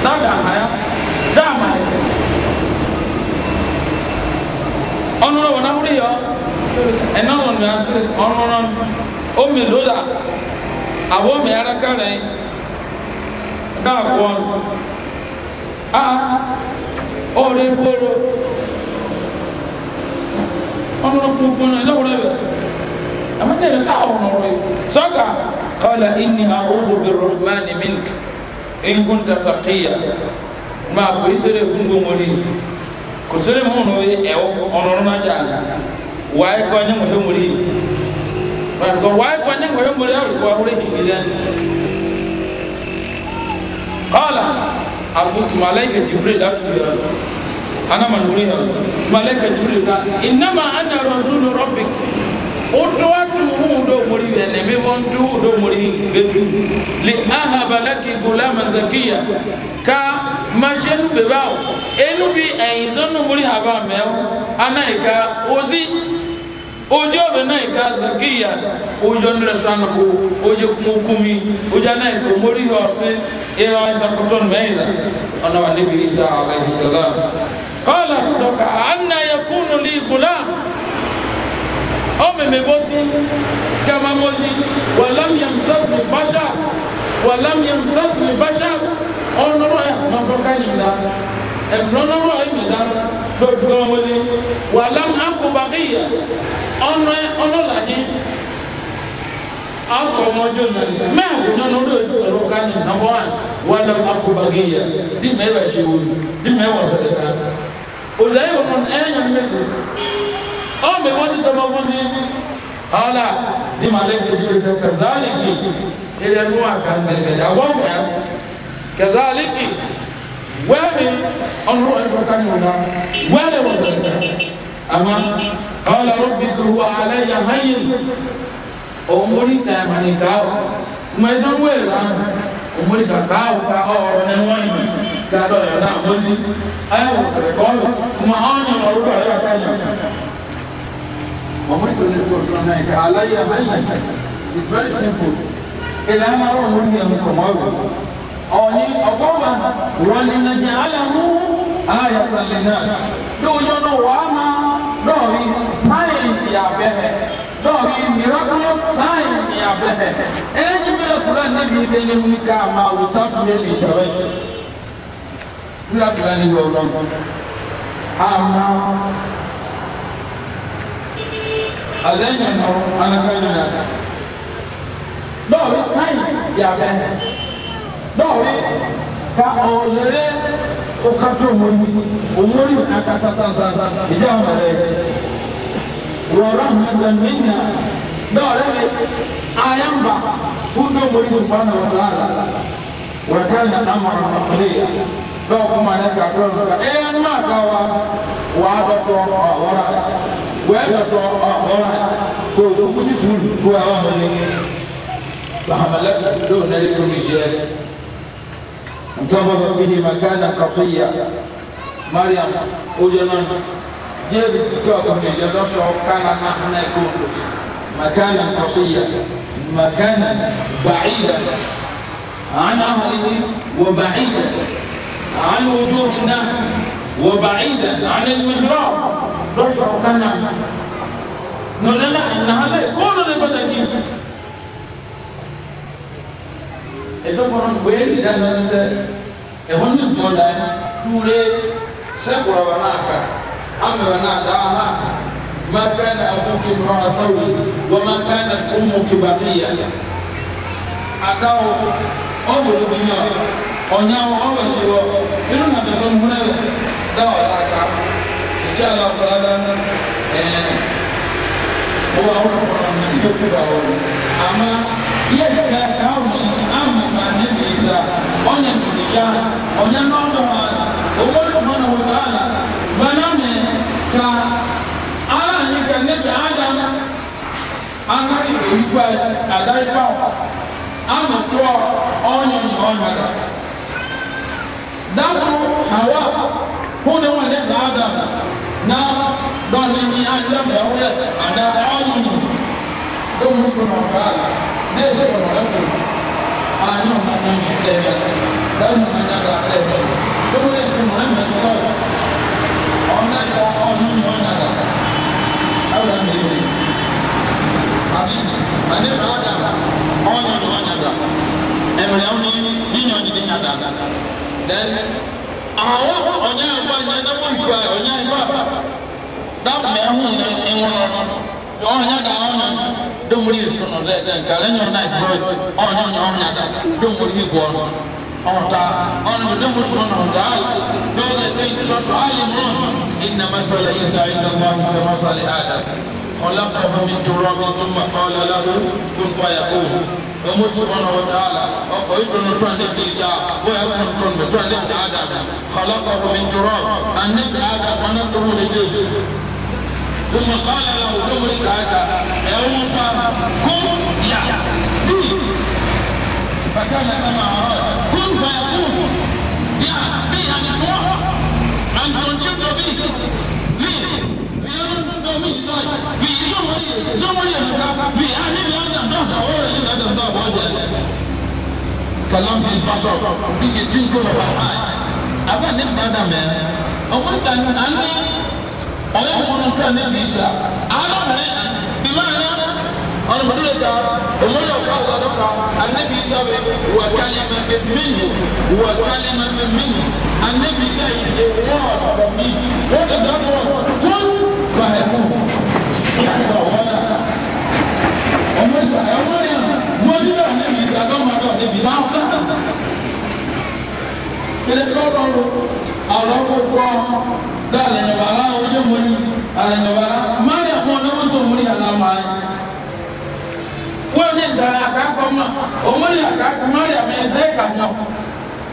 daga aha ya dama ya ọnọrọ wọn ahụrụ ya ẹnọrọ na ọnọrọ o mezo da abụọ ma ya raka rẹ da abụọ a ọrụ ebe ọrụ ọnọrọ kwụkwụ na ẹnọrọ ebe ama ne ka ɔno ro yi sɔka kala inni a'udhu birrahmani mink in kunta taqiya ma ko isere hungo mori ko sere mo no e ɔno ro na ja wai ko anya mo he ba ko wai ko anya mo he mori ari ko ahore kigilan qala abuk malaika jibril atuya ana manuriya malaika jibril ka innama ana rasulu rabbik utoa tuhu do muri ne me bon tuhu do muri betu li ahaba laki gulama zakiya ka mashenu be bawo enu bi aizonu muri haba mewo anaika ozi ojo be na ika zakiya ojo nre shwana ko ojo kumukumi ojo na ko muri ho se e wa sa koton meida ona wa nabi isa alayhi salam qala tudaka anna yakunu li gulam ọmẹmẹ bó sún gamamoyi wàlám yẹn tọ́sí ní báṣà wàlám yẹn tọ́sí ní báṣà ọ̀nọ́rọ̀ ẹ̀ mọ̀fọ́ká yìí la ẹ̀mọ́nọ́rọ̀ ẹ̀ mi la lójú gamamoyi wàlám akọ̀bàkìyà ọ̀nọ́ ẹ̀ ọ̀nọ́làjì akọ̀mọ́jọ́ nàlẹ́ mẹ́àkó nyọ́nọ́ lójú ọ̀rọ̀ ká ní nàbọ̀ de wàlám akọ̀bàkìyà dì mẹ́wàá ṣe wọlé dì mẹ́wàá sọ̀rọ̀ ká ɔn mɛ wɔsi tɔmɔ ko ni ɔla ni ma lɛ kiri kiri kɛ kazaliki ɛdɛ nu a kan tɛ kɛ awɔ mɛ kazaliki wɛni ɔnu ɛfɛ ka ɲɔgɔn na wɛni wɔ tɛ kɛ ama ɔla rɔbi kuru wa ala yahayi ɔmori tɛ mani ka mɛsɛn wɛrɛ la ɔmori ka ka ka ɔrɔ ne wɔni sadɔ yɛ na mɔni ayɛ wɔ sɛbɛ kɔɔlu kuma ɔnyɛ ɔrɔ yɛ ka ɲɛ. Muhammad very simple. Ilé ama rọ̀ ló ní ẹnu kọ̀mọ́ rẹ̀. Ọ̀ni ọ̀gbọ́nba wọ̀lìnàjà alámú ayọ̀tàlẹ̀ náà. Lóòjọ́ náà wà á máa dọ̀rí sáyẹ̀nsì àbẹ̀rẹ̀. Dọ̀rí miraculous sáyẹ̀nsì àbẹ̀rẹ̀. Ẹni bẹ́ẹ̀ kúrẹ́ níbi ìdẹ́ni mú ká máa wò tábìlì ní ìjọba yìí. Kúrẹ́ kúrẹ́ níbi ọ̀rọ̀ àmọ́ ale nyana o ana ka nyana dɔw san yabɛ dɔw ka ɔlɛlɛ o ka to mori o mori a ka ta san san san ìjà wọn rẹ wɔrɔ mɛtɛ minya dɔw yɛrɛ bɛ ayamba k'u to mori k'u fa na wɔrɔ la wɔrɔ kan na amara kɔkɔle ya dɔw kuma ne ka kura ka wa wa dɔ tɔ ɔ wɔrɔ. فحملته دون الرجال انتظر به مكانا قصيا مريم وجنان جيب كوكوني جدوش وكان نحن بعيدا عن أهله وبعيدا عن وجوه الناس وبعيدا عن المهراب dɔtɔ kanya nɔlɛla nahala kɔɔlɔ le bala ki ɛtɔ kɔnɔ gbɛɛ li da nɔlɛ tɛ ɛhɔn ni gbɔ da yɛ tuure sɛ kɔrɔba n'a ka amɛrɛ n'a da ha ma kɛn na ko ki mɔra sawi wa ma kɛn na ko mu ki ba ti yɛ a da o o bolo bi ɲɔ o ɲa o inú na bɛ fɛn mun na da o insha Allah ta'ala gbogbo àwọn ọmọ ọmọ ìjọ kú bá wọn àmọ́ iye ìjọba ẹ̀ka ọmọ àmọ́ máa ní bí ìṣá ọ̀nà ìdíyà ọ̀nà nọ́ọ̀dọ̀ wa owó ìjọba náà wọ́n bá la gbaná mi ka ara ní ka níbi ádám aná ìwé àdá ìgbà àmọ́ tó ọ̀nà ọ̀nà ká dákú àwọn. dɔɔni ni an yɛ mɛ wɛ a na a yi ni ko mun kɔnɔ ka la ne ye kɔnɔ wɛ ko a n'o ma na ɲɛ tɛ yɛ da n'o ma na ka tɛ yɛ ko mun yɛ ti mɔɛ mɛ tɔgɔ la ɔn ni mɔɛ na ka aw la mɛ yɛ a bi a ne ma da ni ni ɲɔ ni ni na da la dɛ awɔ dam mɛ hu ne ŋɔnɔ ɔn nyɛ da ɔn domori sɔnɔ dɛ dɛ gale nyɔ na jɔ ɔn nyɔ nyɔ nyɛ da domori gɔ ɔn ta ɔn nyɔ domori sɔnɔ da dɔw de te sɔsɔ ayi mɔ ina masala isa ina ŋɔn ka masala ada ɔlɔpɔpɔ mi tora mi tuma ɔlɔlɔ kun faya ko ọmọ sọgbọn ọwọta ala ọkọ ìdùnnú tó ànẹ́bí ìsá bóyá fún ọkọ tó ànẹ́bí adam kọlọkọ ọmọ ìjọrọ ànẹ́bí adam wọn náà tó wọlé dé. ثم قال له دبرك هذا يوم كن يعدي فكان كما أراد كن فيكون يعدي يعني تروح أن تنجب به kalam bi basɔ bi ke di ko lɔ ba ha a bɛ ne ba da mɛ o ɛyɛ nkunu kura ne bi sa ano mɛ bima na ɔno mo dule ka ɔmo yɛ ɔka sɔ do ka ane bi sa bɛ wa ka ne ma te mi nyi wa ka ne ma te mi nyi ane bi sa yi ye wɔ ɔbɔ mi wɔ te ka wɔ wɔn ba yɛ ko ɔmo ba wɔ na ɔmo ta ɛwɔ yɛ mo ti bɛ ane bi sa bɛ ma do ane bi mori ala nyɔbara maa yɛ kɔn ne ma sɔn mori ala maa ye fo dara k'a kɔ ma o mori a k'a kɔ maa yɛ mɛ zɛ ka nyɔ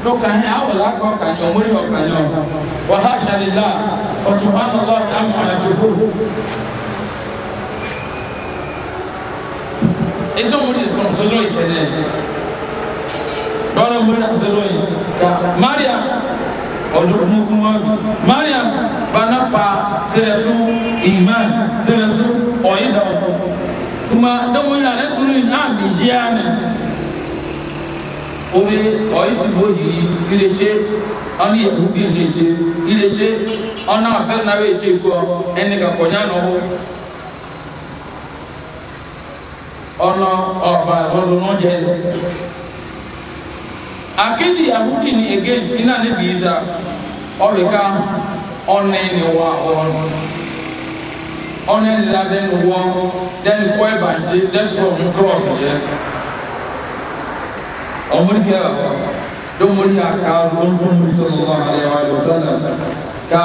do ka hɛn awo la kɔ ka nyɔ mori yɔ ka nyɔ wa ha sarila wa subahana allah ta mu ala fi ko. ezo mori kɔn soso yi tɛ dɛ dɔwɛrɛ mori a soso yi ka mariam ọdúnkúnkúnmọ́dún mariam banapa tẹ̀lé so iman tẹ̀lé so ọ̀yẹ́dàwọ̀ kuma dẹ́mu yìí lálẹ́ sunu yìí náà mi yíyá ni obe ọ̀yẹ́sìnbó yìí ìrètí ọ̀nà yahudi ìrètí ìrètí ọ̀nà abẹ́rẹ́nàwó ètí kọ́ ẹni kakọ̀nyá nọ́wọ́ ọ̀nà ọ̀bà ọ̀dùnú jẹ́ akedi yahudi ni again ina ne bi iza ɔreka ɔne ne wa wɔn ɔne ne la de ne wɔ de ne kɔ ebantse de sɔrɔ ne cross yɛ ɔmori kɛ domori aka ɔmori sɔrɔ wa ale wa ale sɔrɔ ka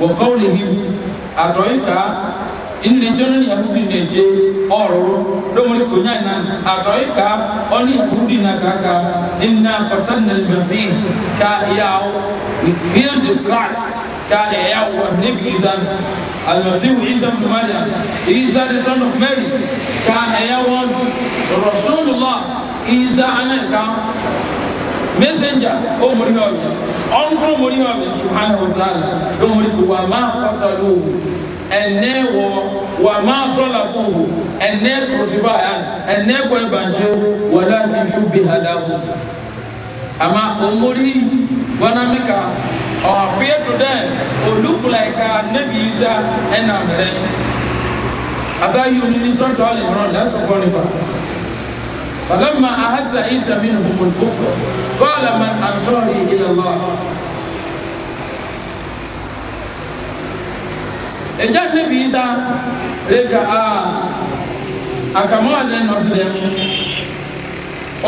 wɔkɔw lehi atɔyi ka ilé jọ́nà ni yahudi lè je ọ̀rọ̀ lómọdé kò nyá iná àtọ̀ ìka ọ̀ní yahudi na kàkà iná kọ̀tà nà lùmẹ̀sì ká ìyàwó ìyá the christ ká ìyàwó níbi ìzan alùmẹ̀sì wù ìzan mùmádà ìzan the son of mary ká ìyàwó rasulillah ìzan anáka messenger ó mọ̀rí ọ̀yọ́ ọ̀nkọ́ mọ̀rí ọ̀yọ́ subhanahu wa ta'ala lómọdé kò wà má kọ́tà lóhùn ɛnɛ wɔ wa maa sɔla kun wo ɛnɛ kɔrɔsifa yan ɛnɛ kɔɛ banjɛ wala k'i su bi hala wo ama o mori wana mi ka ɔ a kuyɛ to dɛ olu kula yi ka ne bi isa ɛna mɛrɛ asa yi o ni nisɔn tɔ ale yɔrɔ lɛ sɔgɔ ne ba falama ahasa isa minnu kofɔ kɔɔla man ansɔri ilallah. ɛgya ne bi sa reka a akamoade no se dɛ mu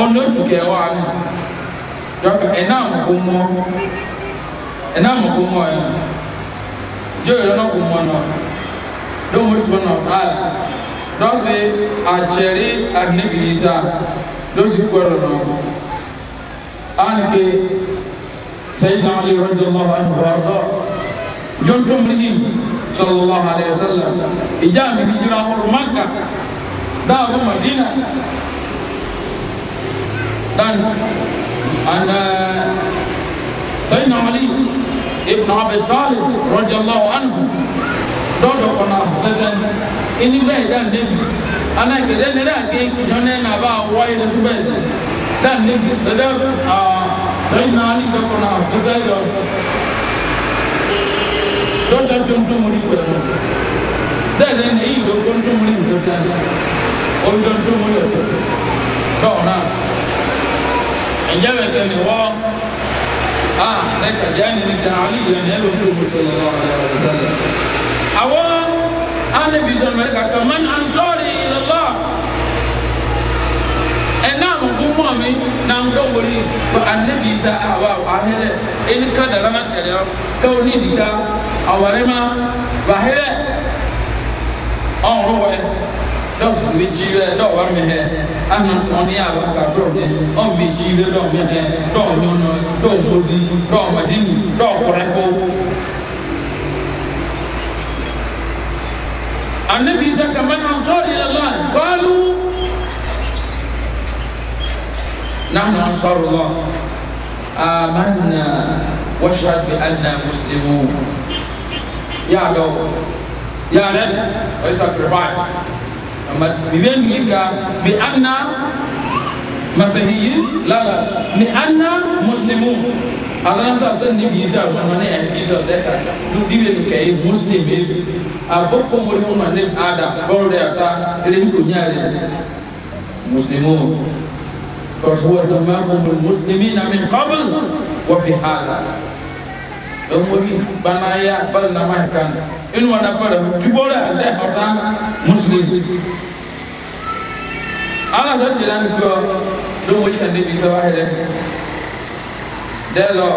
ɔno tukɛ hɔ ano dɔka ɛnam kumɔ ɛnam kumɔ yɛ joyɔ no kumɔ no domo sumɔ no a dɔsi akyɛri anabi yi sa dɔsi kɔrɔ no anke sɛyi na ali rɔdi allah anhu rɔdɔ yɔntɔn mu yi sallallahu alayhi wa sallam ìjà mi ti jira ọ̀rọ̀ maka dáàbò madina dan and sayyidina ali ibn abi talib radiyallahu anhu dɔdɔ kɔnɔ tɛtɛn ini bɛɛ dan nebi ana kɛlɛ nira ke jɔnɛ na ba wɔyi ne dan nebi tɛtɛ ah, sayyidina ali dɔ kɔnɔ tɛtɛn dɔsɔ ntontomori wɛrɛ dɛlɛ ne yi do ntontomori do ta la o do ntontomori o do tɔɔna ɛdiyabɛ tɛ ne wɔ a ne ka diya ne ne ta ali yɛrɛ ne bɛ ntontomori tɛ lɔrɔ yɛrɛ awɔ an ne bi sɔn mɛ ka kɛ man an sɔn. wuri nan do wuri ko annabi sa awa wa hele in ka da rana tare ka woni dika aware ma wa hele on rowe dos mi jiwe do war mi he anan on ya wa ka do ne on mi jiwe do mi he do nyono do mozi do madini do koreko annabi sa kaman ansar ila allah qalu نحن أنصار الله آمنا واشهد بأننا مسلمون يا دو يا رب وي ساكريفايس أما بيبين ميكا بأننا مسيحيين لا لا بأننا مسلمون ala sa san ni biza ma ma ne en biza de ka du dibe ni kay muslim bi a bokko mo ni ma ne ada bawde ata ele ko nyaare muslimu قد هو سماكم المسلمين من قبل وفي هذا أمري بنايا بل نما كان إن وانا بل تبولا ده هذا مسلم أنا سأجلان كو لو وش النبي سوا هذا ده لو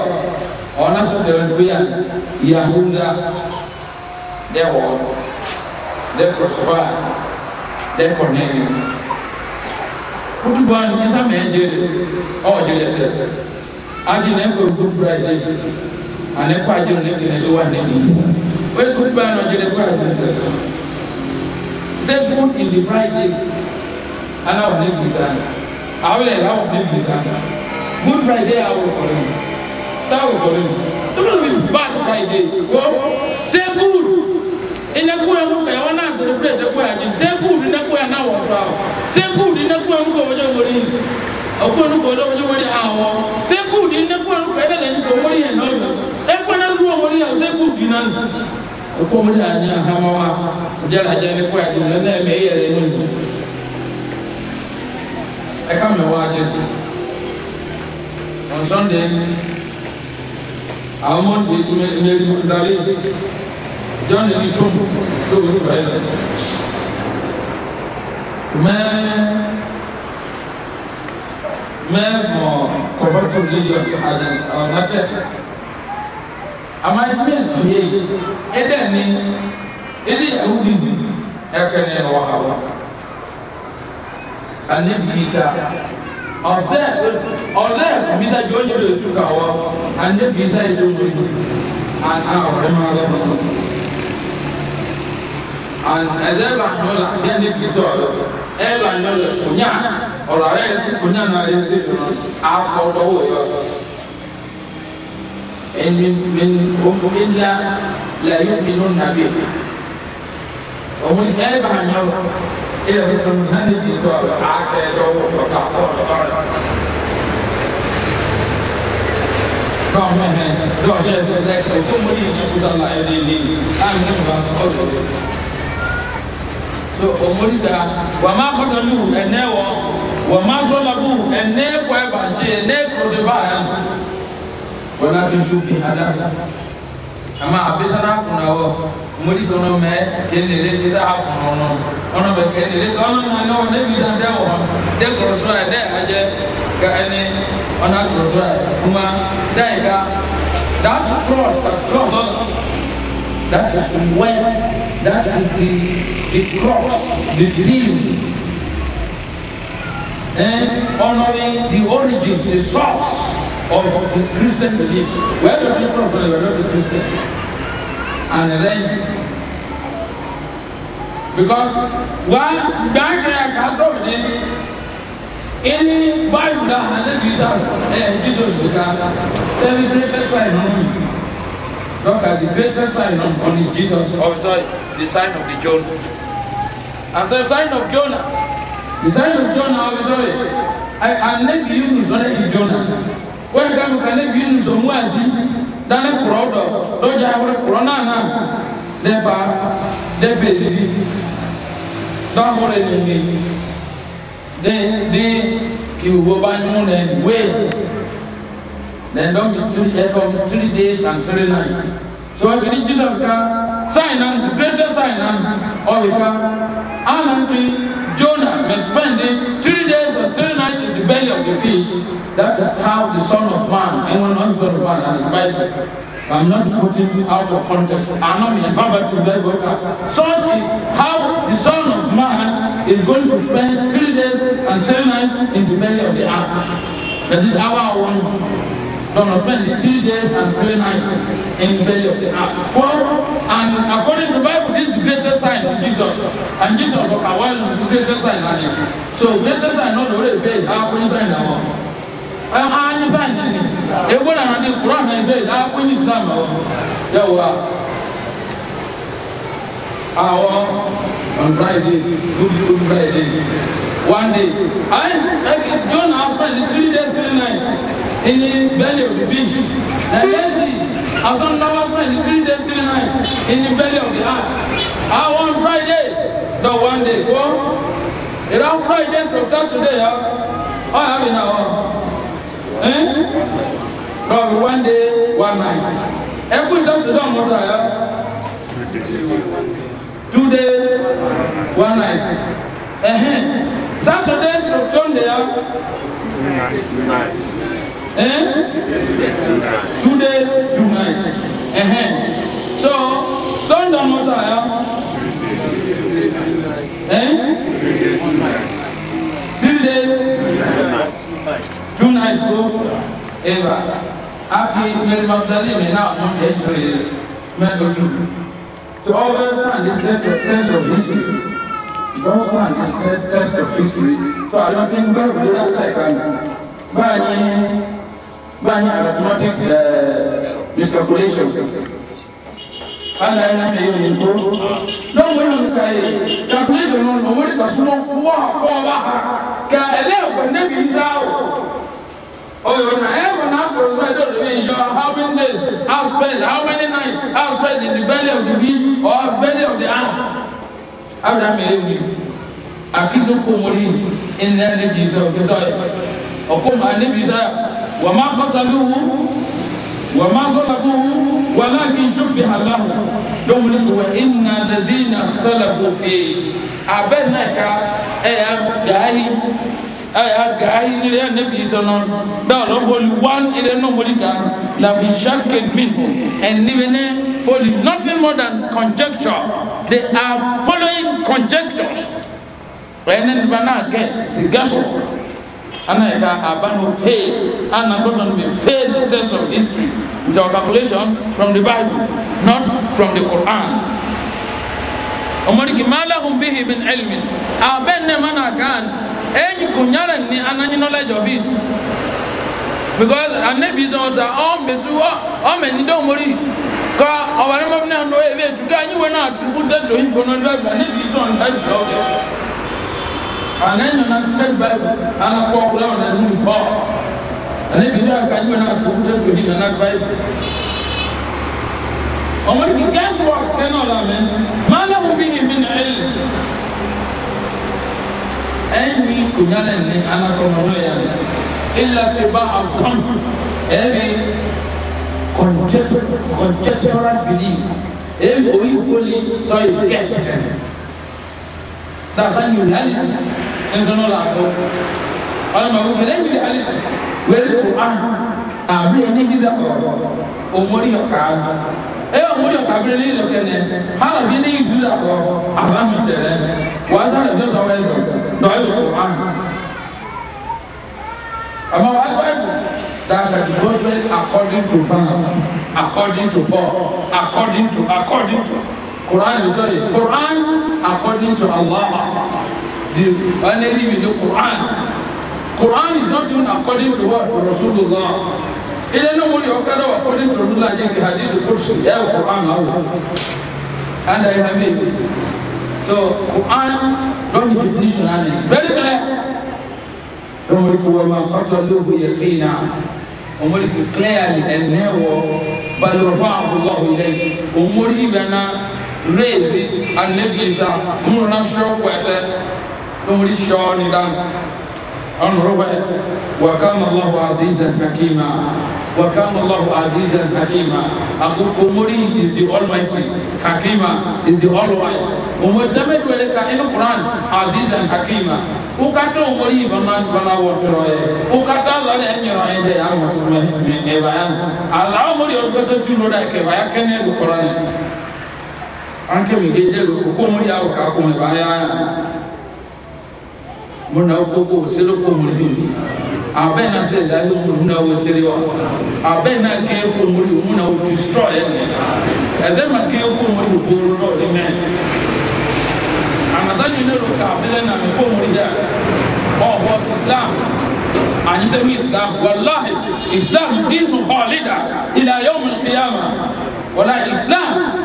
أنا يهودا ده هو ده كوسفا ده kutuban ɛsɛ mɛ ɛgye ɔɔgyere tɛ agye na ɛfɛ good friday ana ɛkɔ agyere ne kene so wa ne ne nsa wɔyɛ kutuban na ɔgyere kɔ agyere tɛ sɛ good in the friday ana wɔ ne bi saa awolɛ ɛla wɔ ne bi saa good friday awo kɔlɛ mu saa wɔ kɔlɛ mu tɔmɔ mi bad friday wɔ sɛ good ɛnɛ kó ɛmu kɛ wɔn na asɛ ne bere dɛ kɔɛ agye sɛ kuudu ne kɔɛ na wɔ dɔ sɛ kuudu ne kɔɛ mu kɔɛ wɔdɛ wɔri ɔkɔ nu kɔɛ wɔdɛ wɔri awɔ sɛ kuudu ne kɔɛ mu kɔɛ dɛ lɛ nkɔ wɔri yɛ nɔ yɛ ɛkɔ na nu wɔri yɛ sɛ kuudu di nu ɔkɔ mu dɛ agye ahama wa ɔgyɛrɛ agye ne kɔɛ agye ne nɛɛ mɛ yɛrɛ yɛ nu ɛka mɛ wɔ agye ɔnsɔn de àwọn John ni tó tó o tó yẹ mẹ mẹ mọ kọfẹ tó lé jọ àti ọ̀nàtẹ amaisement yẹ ẹdẹ ni ẹdẹ ẹwù ni ẹkẹni wà hàwà anabi isa ọsẹ ọsẹ bisa jọ nyere otu ka wọ anabi isa yẹ jọ nyere ana ọrẹ maa lọ. ɛzɛ ba nyɔ la yɛ ne bi sɔrɔ ɛ ba nyɔ la konya ɔlɔ yɛ ti konya na yɛ ti sɔrɔ akɔ dɔwɔ yɔ ɛni min omo ila la yɛ mi nɔ nabi ɔmo ɛ ba nyɔ la ɛ yɛ ti sɔrɔ na ne bi sɔrɔ akɛ dɔwɔ kɔta kɔ dɔrɔ dɔw mɛ hɛn dɔw sɛ ɛfɛ lɛ o tó mo ni ìyẹn kuta la ɛ lé lé ayi mo ti ba so omori da wama kɔtɔlu ɛnɛ wɔ wama zɔlabu ɛnɛ kɔɛ bantse ɛnɛ kɔsɛ baaya wala tusu bi ala ama abisana kunna wɔ omori kɔnɔ mɛ kenere kisa akɔnɔ nɔ ɔnɔ bɛ kenere ɔnɔ mɛ nɔ ne bi da dɛ wɔ dɛ kɔrɔsɔ yɛ dɛ ajɛ ka ɛni ɔna kɔrɔsɔ yɛ kuma dɛ yi ka cross cross ɔn that is that is the the crux, the theme, and honoring the origin, the source of the Christian belief. Where the people of the were not Christian, and then. Because while that guy I can't it, any bible that handle jesus eh jesus buka celebrate sign on him look at the greatest sign on on jesus oh sorry the sign of the Jonah. As so the sign of Jonah, the sign of Jonah of Israel, and you Yunus, not Nabi Jonah. When you come to you Yunus or Muazi, then a crowd of Doja or Corona, never, never. baby, don't hold any They, they, you go by moon and wait. Then don't be three eh, days and three nights so ɛdini jesus ka sign and the greatest sign and all ɔbi ka ananke jonah may spend three days or three nights in the belly of the fish that is how the son of man anyone one of the son of man and the bible i'm not putting it out of context i'm not in poverty very well such is how the son of man is going to spend three days and three nights in the belly of the earth that is our one Donna spent three days and three nights in the belly of the earth. For, and according to the Bible, this is the greatest sign of Jesus. And Jesus was a while the greatest sign. So greatest sign not the way faith, how we sign now. And any sign, a word and the Quran and faith, how we Islam. There were. Our on Friday, good Friday. One day. I, I John after the three days, three nights ini belly of the fish na yesi after number five three days three nights in the belly of the earth ah one friday the one day go around friday from saturday ah oh i have it now eh from one day one night ẹ kú saturday ọmọ ọdọ ya two days one night ẹhẹn eh, eh. saturday from sunday ah eh? two days two nights uh -huh. so sunday mọ́tà ya eh? three days two nights go eva afi mary magdalene mi náà mọ̀ ní ẹ̀jọ̀ yẹn mẹ́tọ̀tù so always plan this test of test of history don't plan this test of history so i don't think where we dey that time báyìí báyìí arithmetic miscalculation ana yi na yi ni ko n'o mo yi ka ye calculation n'o mo wuli ka suma wa kɔba ka ɛlɛ o ne bi sa o o yoo na ɛ o na kɔrɔ sɔrɔ ɛdɔ de bi yɔ how many days how spend how many nights how spend in the belly of the bee or belly of the ant aw da mi ye wuli a kiri ko mo ni ɛ ne bi sa o ti sa o ko ne bi sa. وما قتلوه وما صلبوه ولكن شبه له لهم وإن الذين اختلفوا فيه أبنك أيا جاهي أيا جاهي إلى النبي صلى الله عليه وسلم دار فلوان إلى نمولك لا في شك منه and even for nothing more than conjecture they are following conjectures and then banana guess it's guess ana ɛka aban who fail ana question be fail the test of history with our calculations from the bible not from the quran ɔmɔdiki malahum bihi min ilmin abɛn ne mana kan ɛnyi kunyara ni ananyi knowledge of it because anabi sɔn ta ɔmɛsu ɔmɛni dɔw mori ka ɔbɛrɛ mɔbi ne yɛn do ebe tuka anyi wɛ na atubu tɛ to yi kɔnɔ dɔ anabi sɔn ta bi ana nana tɛri ba yi ana kɔ wula wana ni ni kɔ ana bi sɔrɔ ka nyɔna a tugu tɛri tori nana ba yi ɔmɔ ni gɛɛsi wa kɛnɛ o la mɛ maa la ko bi hin bi na ɛli ɛni kunya lɛ ni ana kɔnɔ n'o yɛ ila ti ba a fam ɛbi kɔnjɛtɔra fili ɛbi o yi foli sɔ yi gɛɛsi da san yuri haliti in sun nuna ko wani mabu ka dan yuri haliti wani kur'an abu ya ne hiza o mori ya ka e o mori ya ka bi ne lokan ne hala bi ne yidu da ko aba mi tere wa sa da do so wa do do ayi kur'an amma wa ba that shall be gospel according to Paul according to Paul according to according to Quran is sorry. Quran according to Allah. The only we do Quran. Quran is not even according to what Rasulullah. Ile no muri okada according to Rasulullah yake hadithu kursi ya Quran au. And I have it. So Quran from definition and very clear. Umuri kuwa ma qataluhu yaqina. Umuri clearly and never bal rafa'ahu Allah ilayhi. Umuri bana raise anabi isa mun na sure kwete nuri sure ni dan an ruwa wa kana allah azizan hakima wa kana allah azizan hakima abu kumuri is the almighty hakima is the all wise umur zame dwele ka in quran azizan hakima ukata umuri bana bana wa roye ukata la ne ende ya musulmi ne bayan azamuri osgoto tuno da ke bayan kenan anke mu gendelo okomuli awo kakoma bayaya muna okoko osele okomuli yomi abe na se dahi omuli muna oselewa abe na ke okomuli omuna odestroy ɛdɛma ke okomuli oboro na ɔde mɛ amasa nyinero ka abele na me okomuli dɛ ɔhɔ islam anyisɛmu islam wallahi islam dinu khalida ila yawm alqiyama wala islam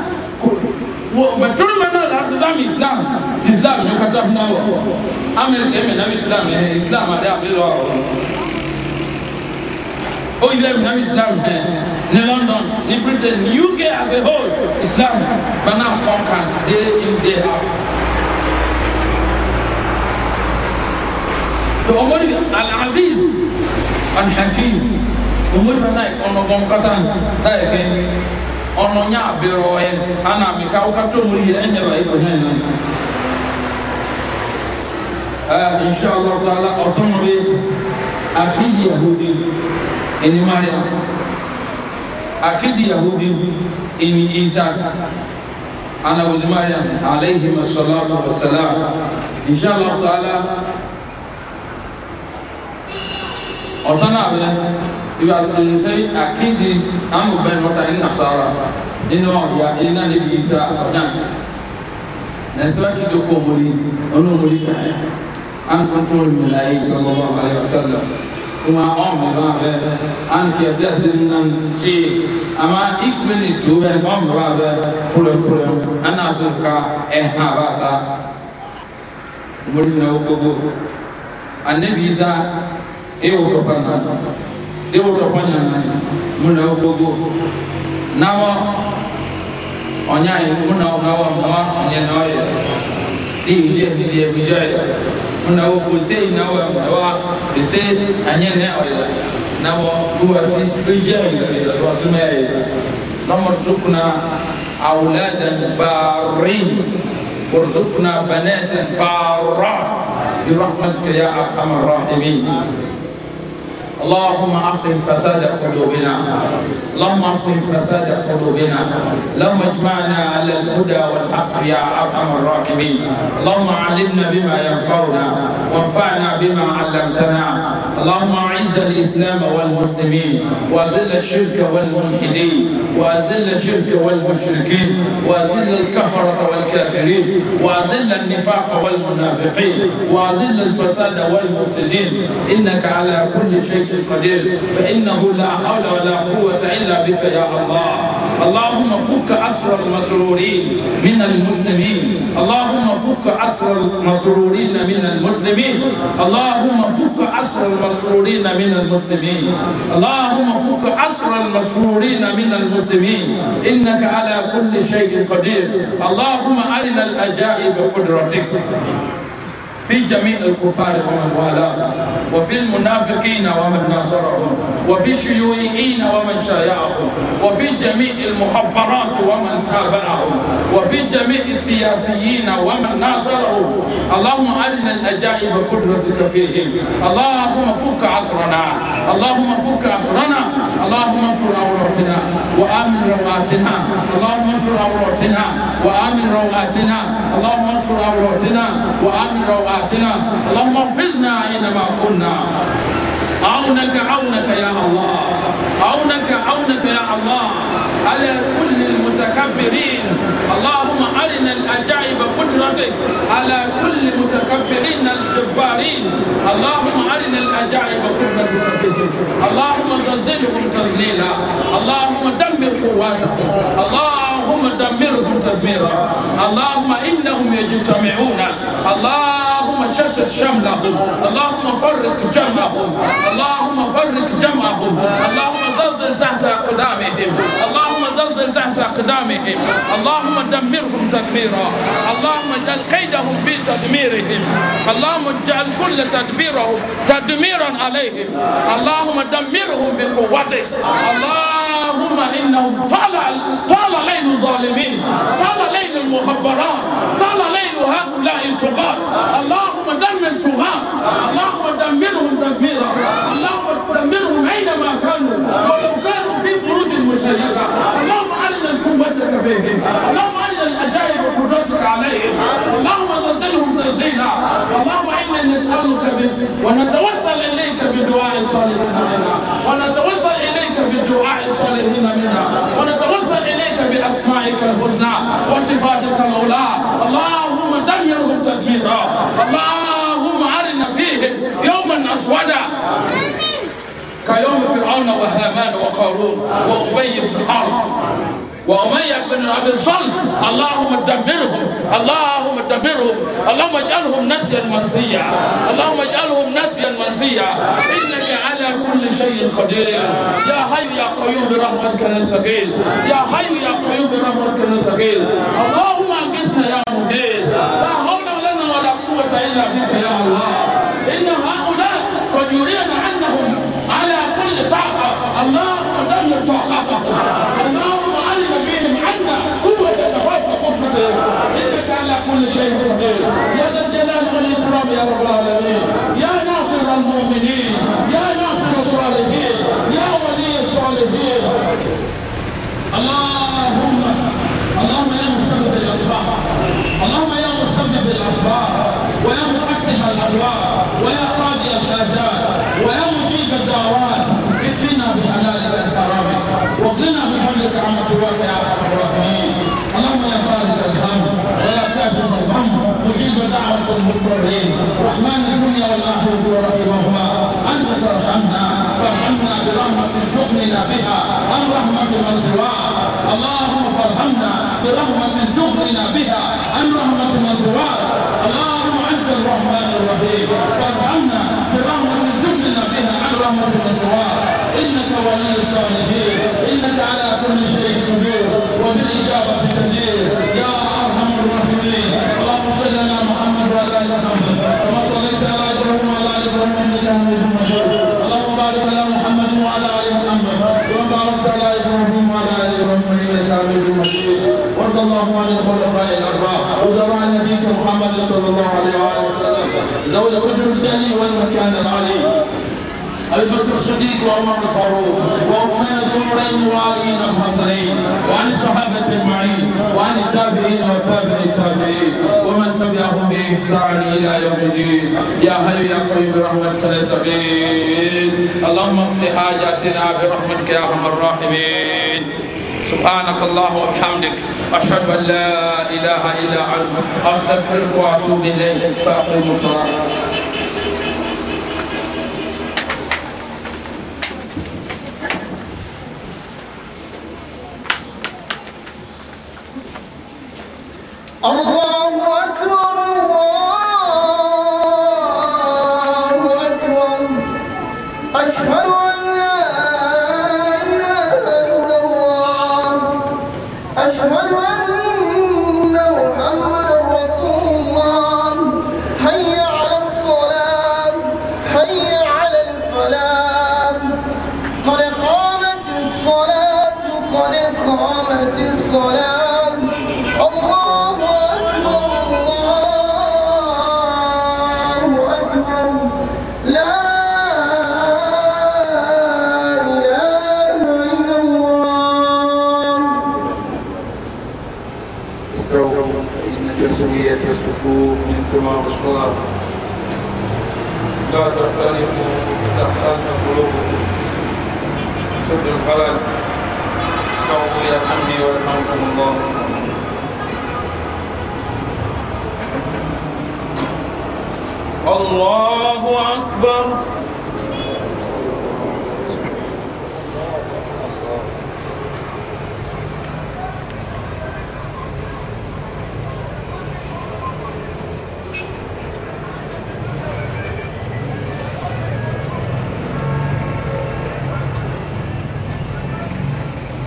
mɛtɔn mɛ náà lásán islam islam islam yóò kata fún wa amẹrika ẹmẹ náà islam ẹ ah, islam adé abẹlẹ wa o yìí lẹ́mìí islam ẹ ní london ní britain ní uk as a whole islam bana kọ̀ọ̀kan day in day out. to omori alaziz alhakim omori bana ẹ ọ̀nà gbọ̀ngàn kata náà ẹ eh, ɔno nya abere ana mika wokatɔ mu yɛ ɛnyɛ e, ba yɛkɔ nyɛ nan inshallah taala ɔtɔn bi akidi yahudi ɛni mariam akidi yahudi ɛni ana wuli mariam alayhi masalatu wasalam inshallah taala ɔsan abɛ ibi asanani sɛbi akidi amu bɛn nɔta ɛni nasara ɛni ɔya ɛni nani bi isa ɔnya nɛsɛbɛ kidi kɔ mɔli ɔnu mɔli kaya an kɔntɔn mɛlayi sallallahu alayhi wa sallam kuma ɔn mɛ ba bɛ an kɛ dɛsɛ nan tse ama ikpe ni to bɛ ɔn mɛ ba bɛ pulɛ pulɛ an na sɔn ka ɛhɛn b'a ta mɔli na o ko anabi isa e wo na debo to panya na muna ogogo nawo onya muna ogawa nawa onya nawa ye di uje di di uje muna ogo sei nawa nawa ese anya ne oya nawo duwasi uje ile duwasi me namor tukuna auladan barin warzuqna banatan barra bi rahmatika ya arhamar rahimin اللهم افرغ فساد قلوبنا اللهم افرغ فساد قلوبنا اللهم اجمعنا على الهدى والحق يا ارحم الراحمين اللهم علمنا بما ينفعنا وانفعنا بما علمتنا اللهم أعز الإسلام والمسلمين وأذل الشرك والملحدين وأذل الشرك والمشركين وأذل الكفرة والكافرين وأذل النفاق والمنافقين وأذل الفساد والمفسدين إنك على كل شيء قدير فإنه لا حول ولا قوة إلا بك يا الله اللهم فك أسر المسرورين من المذنبين اللهم فك أسر المسرورين من المذنبين اللهم فك أسر المسرورين من المذنبين اللهم فك أسر المسرورين من المذنبين إنك على كل شيء قدير اللهم أرنا الأجائب قدرتك في جميع الكفار ومن والاهم وفي المنافقين ومن ناصرهم وفي الشيوعيين ومن شايعهم وفي جميع المخبرات ومن تابعهم وفي جميع السياسيين ومن ناصرهم اللهم أرنا الأجائب قدرتك فيهم اللهم فك عصرنا اللهم فك عصرنا اللهم استر عوراتنا وآمن رواتنا اللهم استر عوراتنا وآمن رواتنا اللهم استر عوراتنا وآمن رواتنا صلواتنا اللهم احفظنا اينما كنا عونك عونك يا الله عونك عونك يا الله على كل المتكبرين اللهم أرنا الأجائب قدرتك على كل المتكبرين الجبارين اللهم أرنا الأجائب قدرتك اللهم زلزلهم تذليلا اللهم دمر قواتهم اللهم اللهم دمرهم تدميرا اللهم إنهم يجتمعون اللهم شتت شملهم اللهم فرق جمعهم اللهم فرق جمعهم اللهم زلزل تحت أقدامهم اللهم زلزل تحت أقدامهم اللهم دمرهم تدميرا اللهم اجعل قيدهم في تدميرهم اللهم اجعل كل تدبيرهم تدميرا عليهم اللهم دمرهم بقوتك اللهم المخبرات طال ليل هؤلاء التقاة اللهم دمر طغاة اللهم دمرهم تدميرا اللهم دمرهم اينما كانوا ولو كانوا في بروج مشيدة اللهم علم قوتك فيهم اللهم علم العجائب قدرتك عليهم اللهم زلزلهم تزليلا اللهم انا نسالك ونتوسل اليك بدعاء الصالحين منا ونتوسل اليك بدعاء الصالحين منا ونتوسل اليك باسمائك الحسنى وصفاتك تدميرا اللهم أرنا فيهم يوما أسودا كيوم فرعون وهامان وقارون وأبي بن حرب وأمية بن أبي صلت اللهم دمرهم اللهم دمرهم اللهم اجعلهم نسيا منسيا اللهم اجعلهم نسيا منسيا إنك على كل شيء قدير يا حي يا قيوم برحمتك نستقيل يا حي يا قيوم برحمتك نستقيل اللهم أنقذنا يا مجيد قوة إلا بك يا الله إن هؤلاء قد يريد أنهم على كل طاقة الله قدر طاقتهم اللهم علم بهم عنا قوة تفوق قدرتهم إنك على كل شيء قدير يا ذا الجلال والإكرام يا رب العالمين يا ناصر المؤمنين يا ناصر الصالحين يا ولي الصالحين اللهم إنك أنت الواقع على الراحمين اللهم يا خالد الهم ويا كاشف الغم مجيب دعوة المضطرين رحمن الدنيا والآخرة ورحمهما أنت ترحمنا فارحمنا برحمة تغننا بها عن رحمة من سواك اللهم فارحمنا برحمة تغننا بها عن رحمة من سواك اللهم أنت الرحمن الرحيم فارحمنا برحمة تغننا بها عن رحمة من سواك ومن الصالحين إنك على كل شيء قدير وبالإجابة تدير يا أرحم الراحمين الصديق وعمر الفاروق وعثمان ذو النورين وعلي الحسنين وعن الصحابه اجمعين وعن التابعين وتابع التابعين ومن تبعهم باحسان الى يوم الدين يا حي يا قيوم برحمتك نستغيث اللهم اقض حاجاتنا برحمتك يا ارحم الراحمين سبحانك الله وبحمدك أشهد أن لا إله إلا أنت أستغفرك وأتوب إليك فأقم الصلاة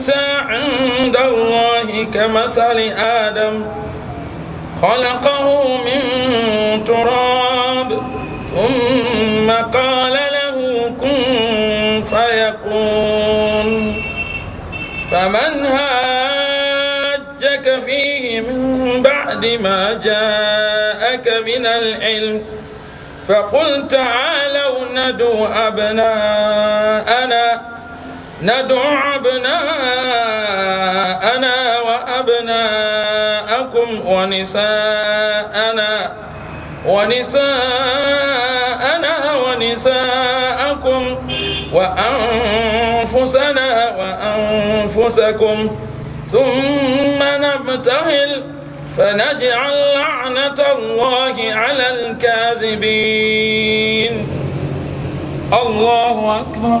عيسى عند الله كمثل آدم خلقه من تراب ثم قال له كن فيكون فمن هاجك فيه من بعد ما جاءك من العلم فقل تعالوا ندوا أبناءنا ندعو أبناءنا وأبناءكم ونساءنا ونساءنا ونساءكم وأنفسنا وأنفسكم ثم نبتهل فنجعل لعنة الله على الكاذبين الله أكبر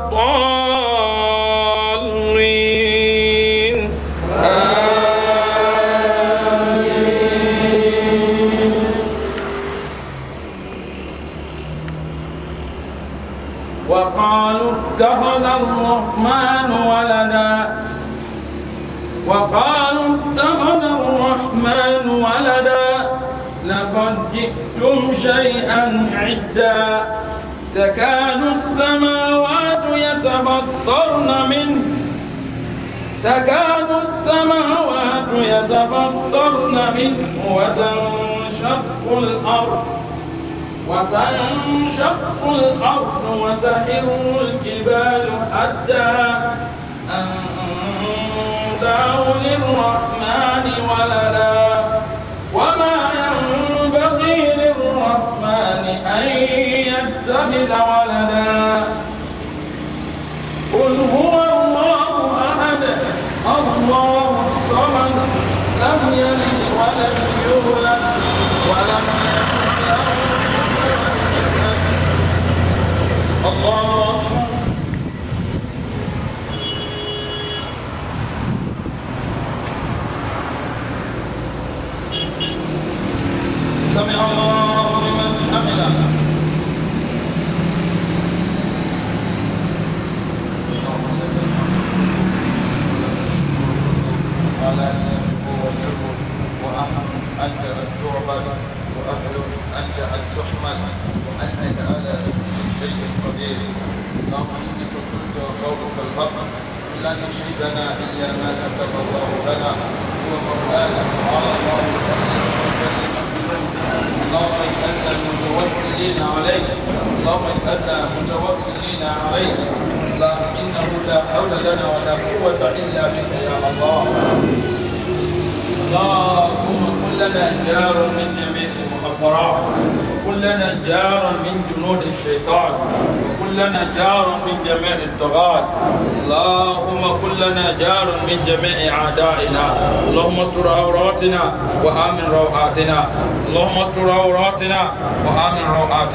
شيئا عدا تكاد السماوات يتبطرن منه تكاد السماوات يتبطرن منه وتنشق الأرض وتنشق الأرض وتهر الجبال حتى أن دعوا للرحمن ولدا وما الرحمن أن يتخذ ولدا قل هو الله أحد الله الصمد لم يلد ولم يولد ولم يكن له الله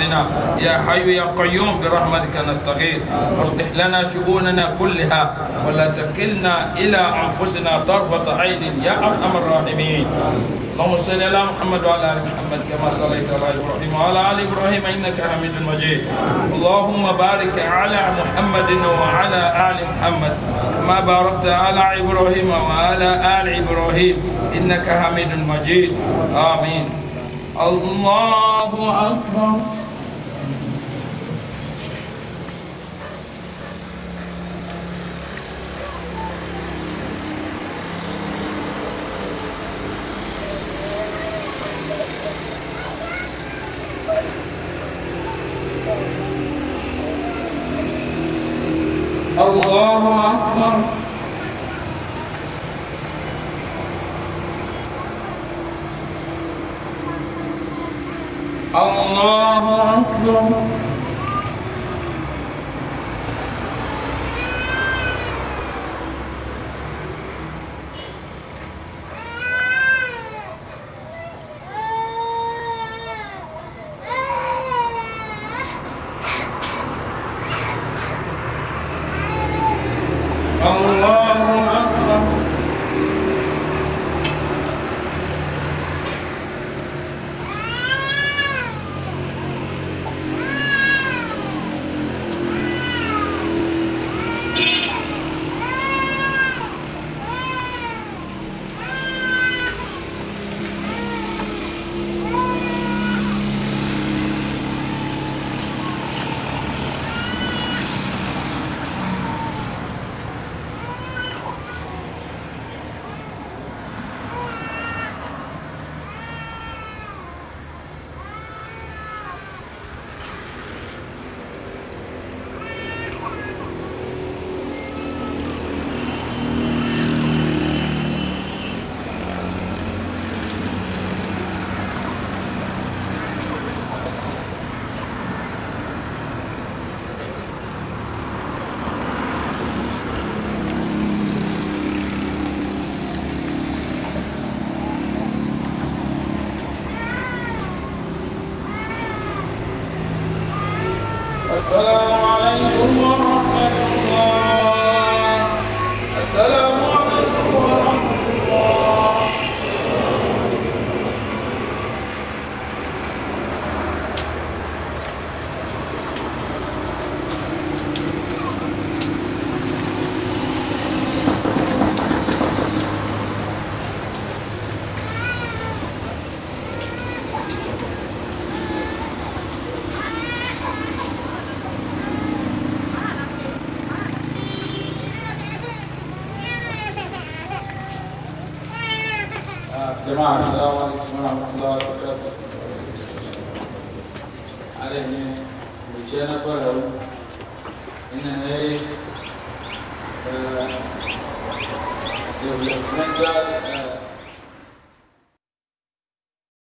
أنفسنا يا حي يا قيوم برحمتك نستغيث أصلح لنا شؤوننا كلها ولا تكلنا إلى أنفسنا طرفة عين يا أرحم الراحمين اللهم صل على محمد وعلى ال محمد كما صليت على ابراهيم وعلى ال ابراهيم انك حميد مجيد اللهم بارك على محمد وعلى ال محمد كما باركت على ابراهيم وعلى ال ابراهيم انك حميد مجيد امين الله اكبر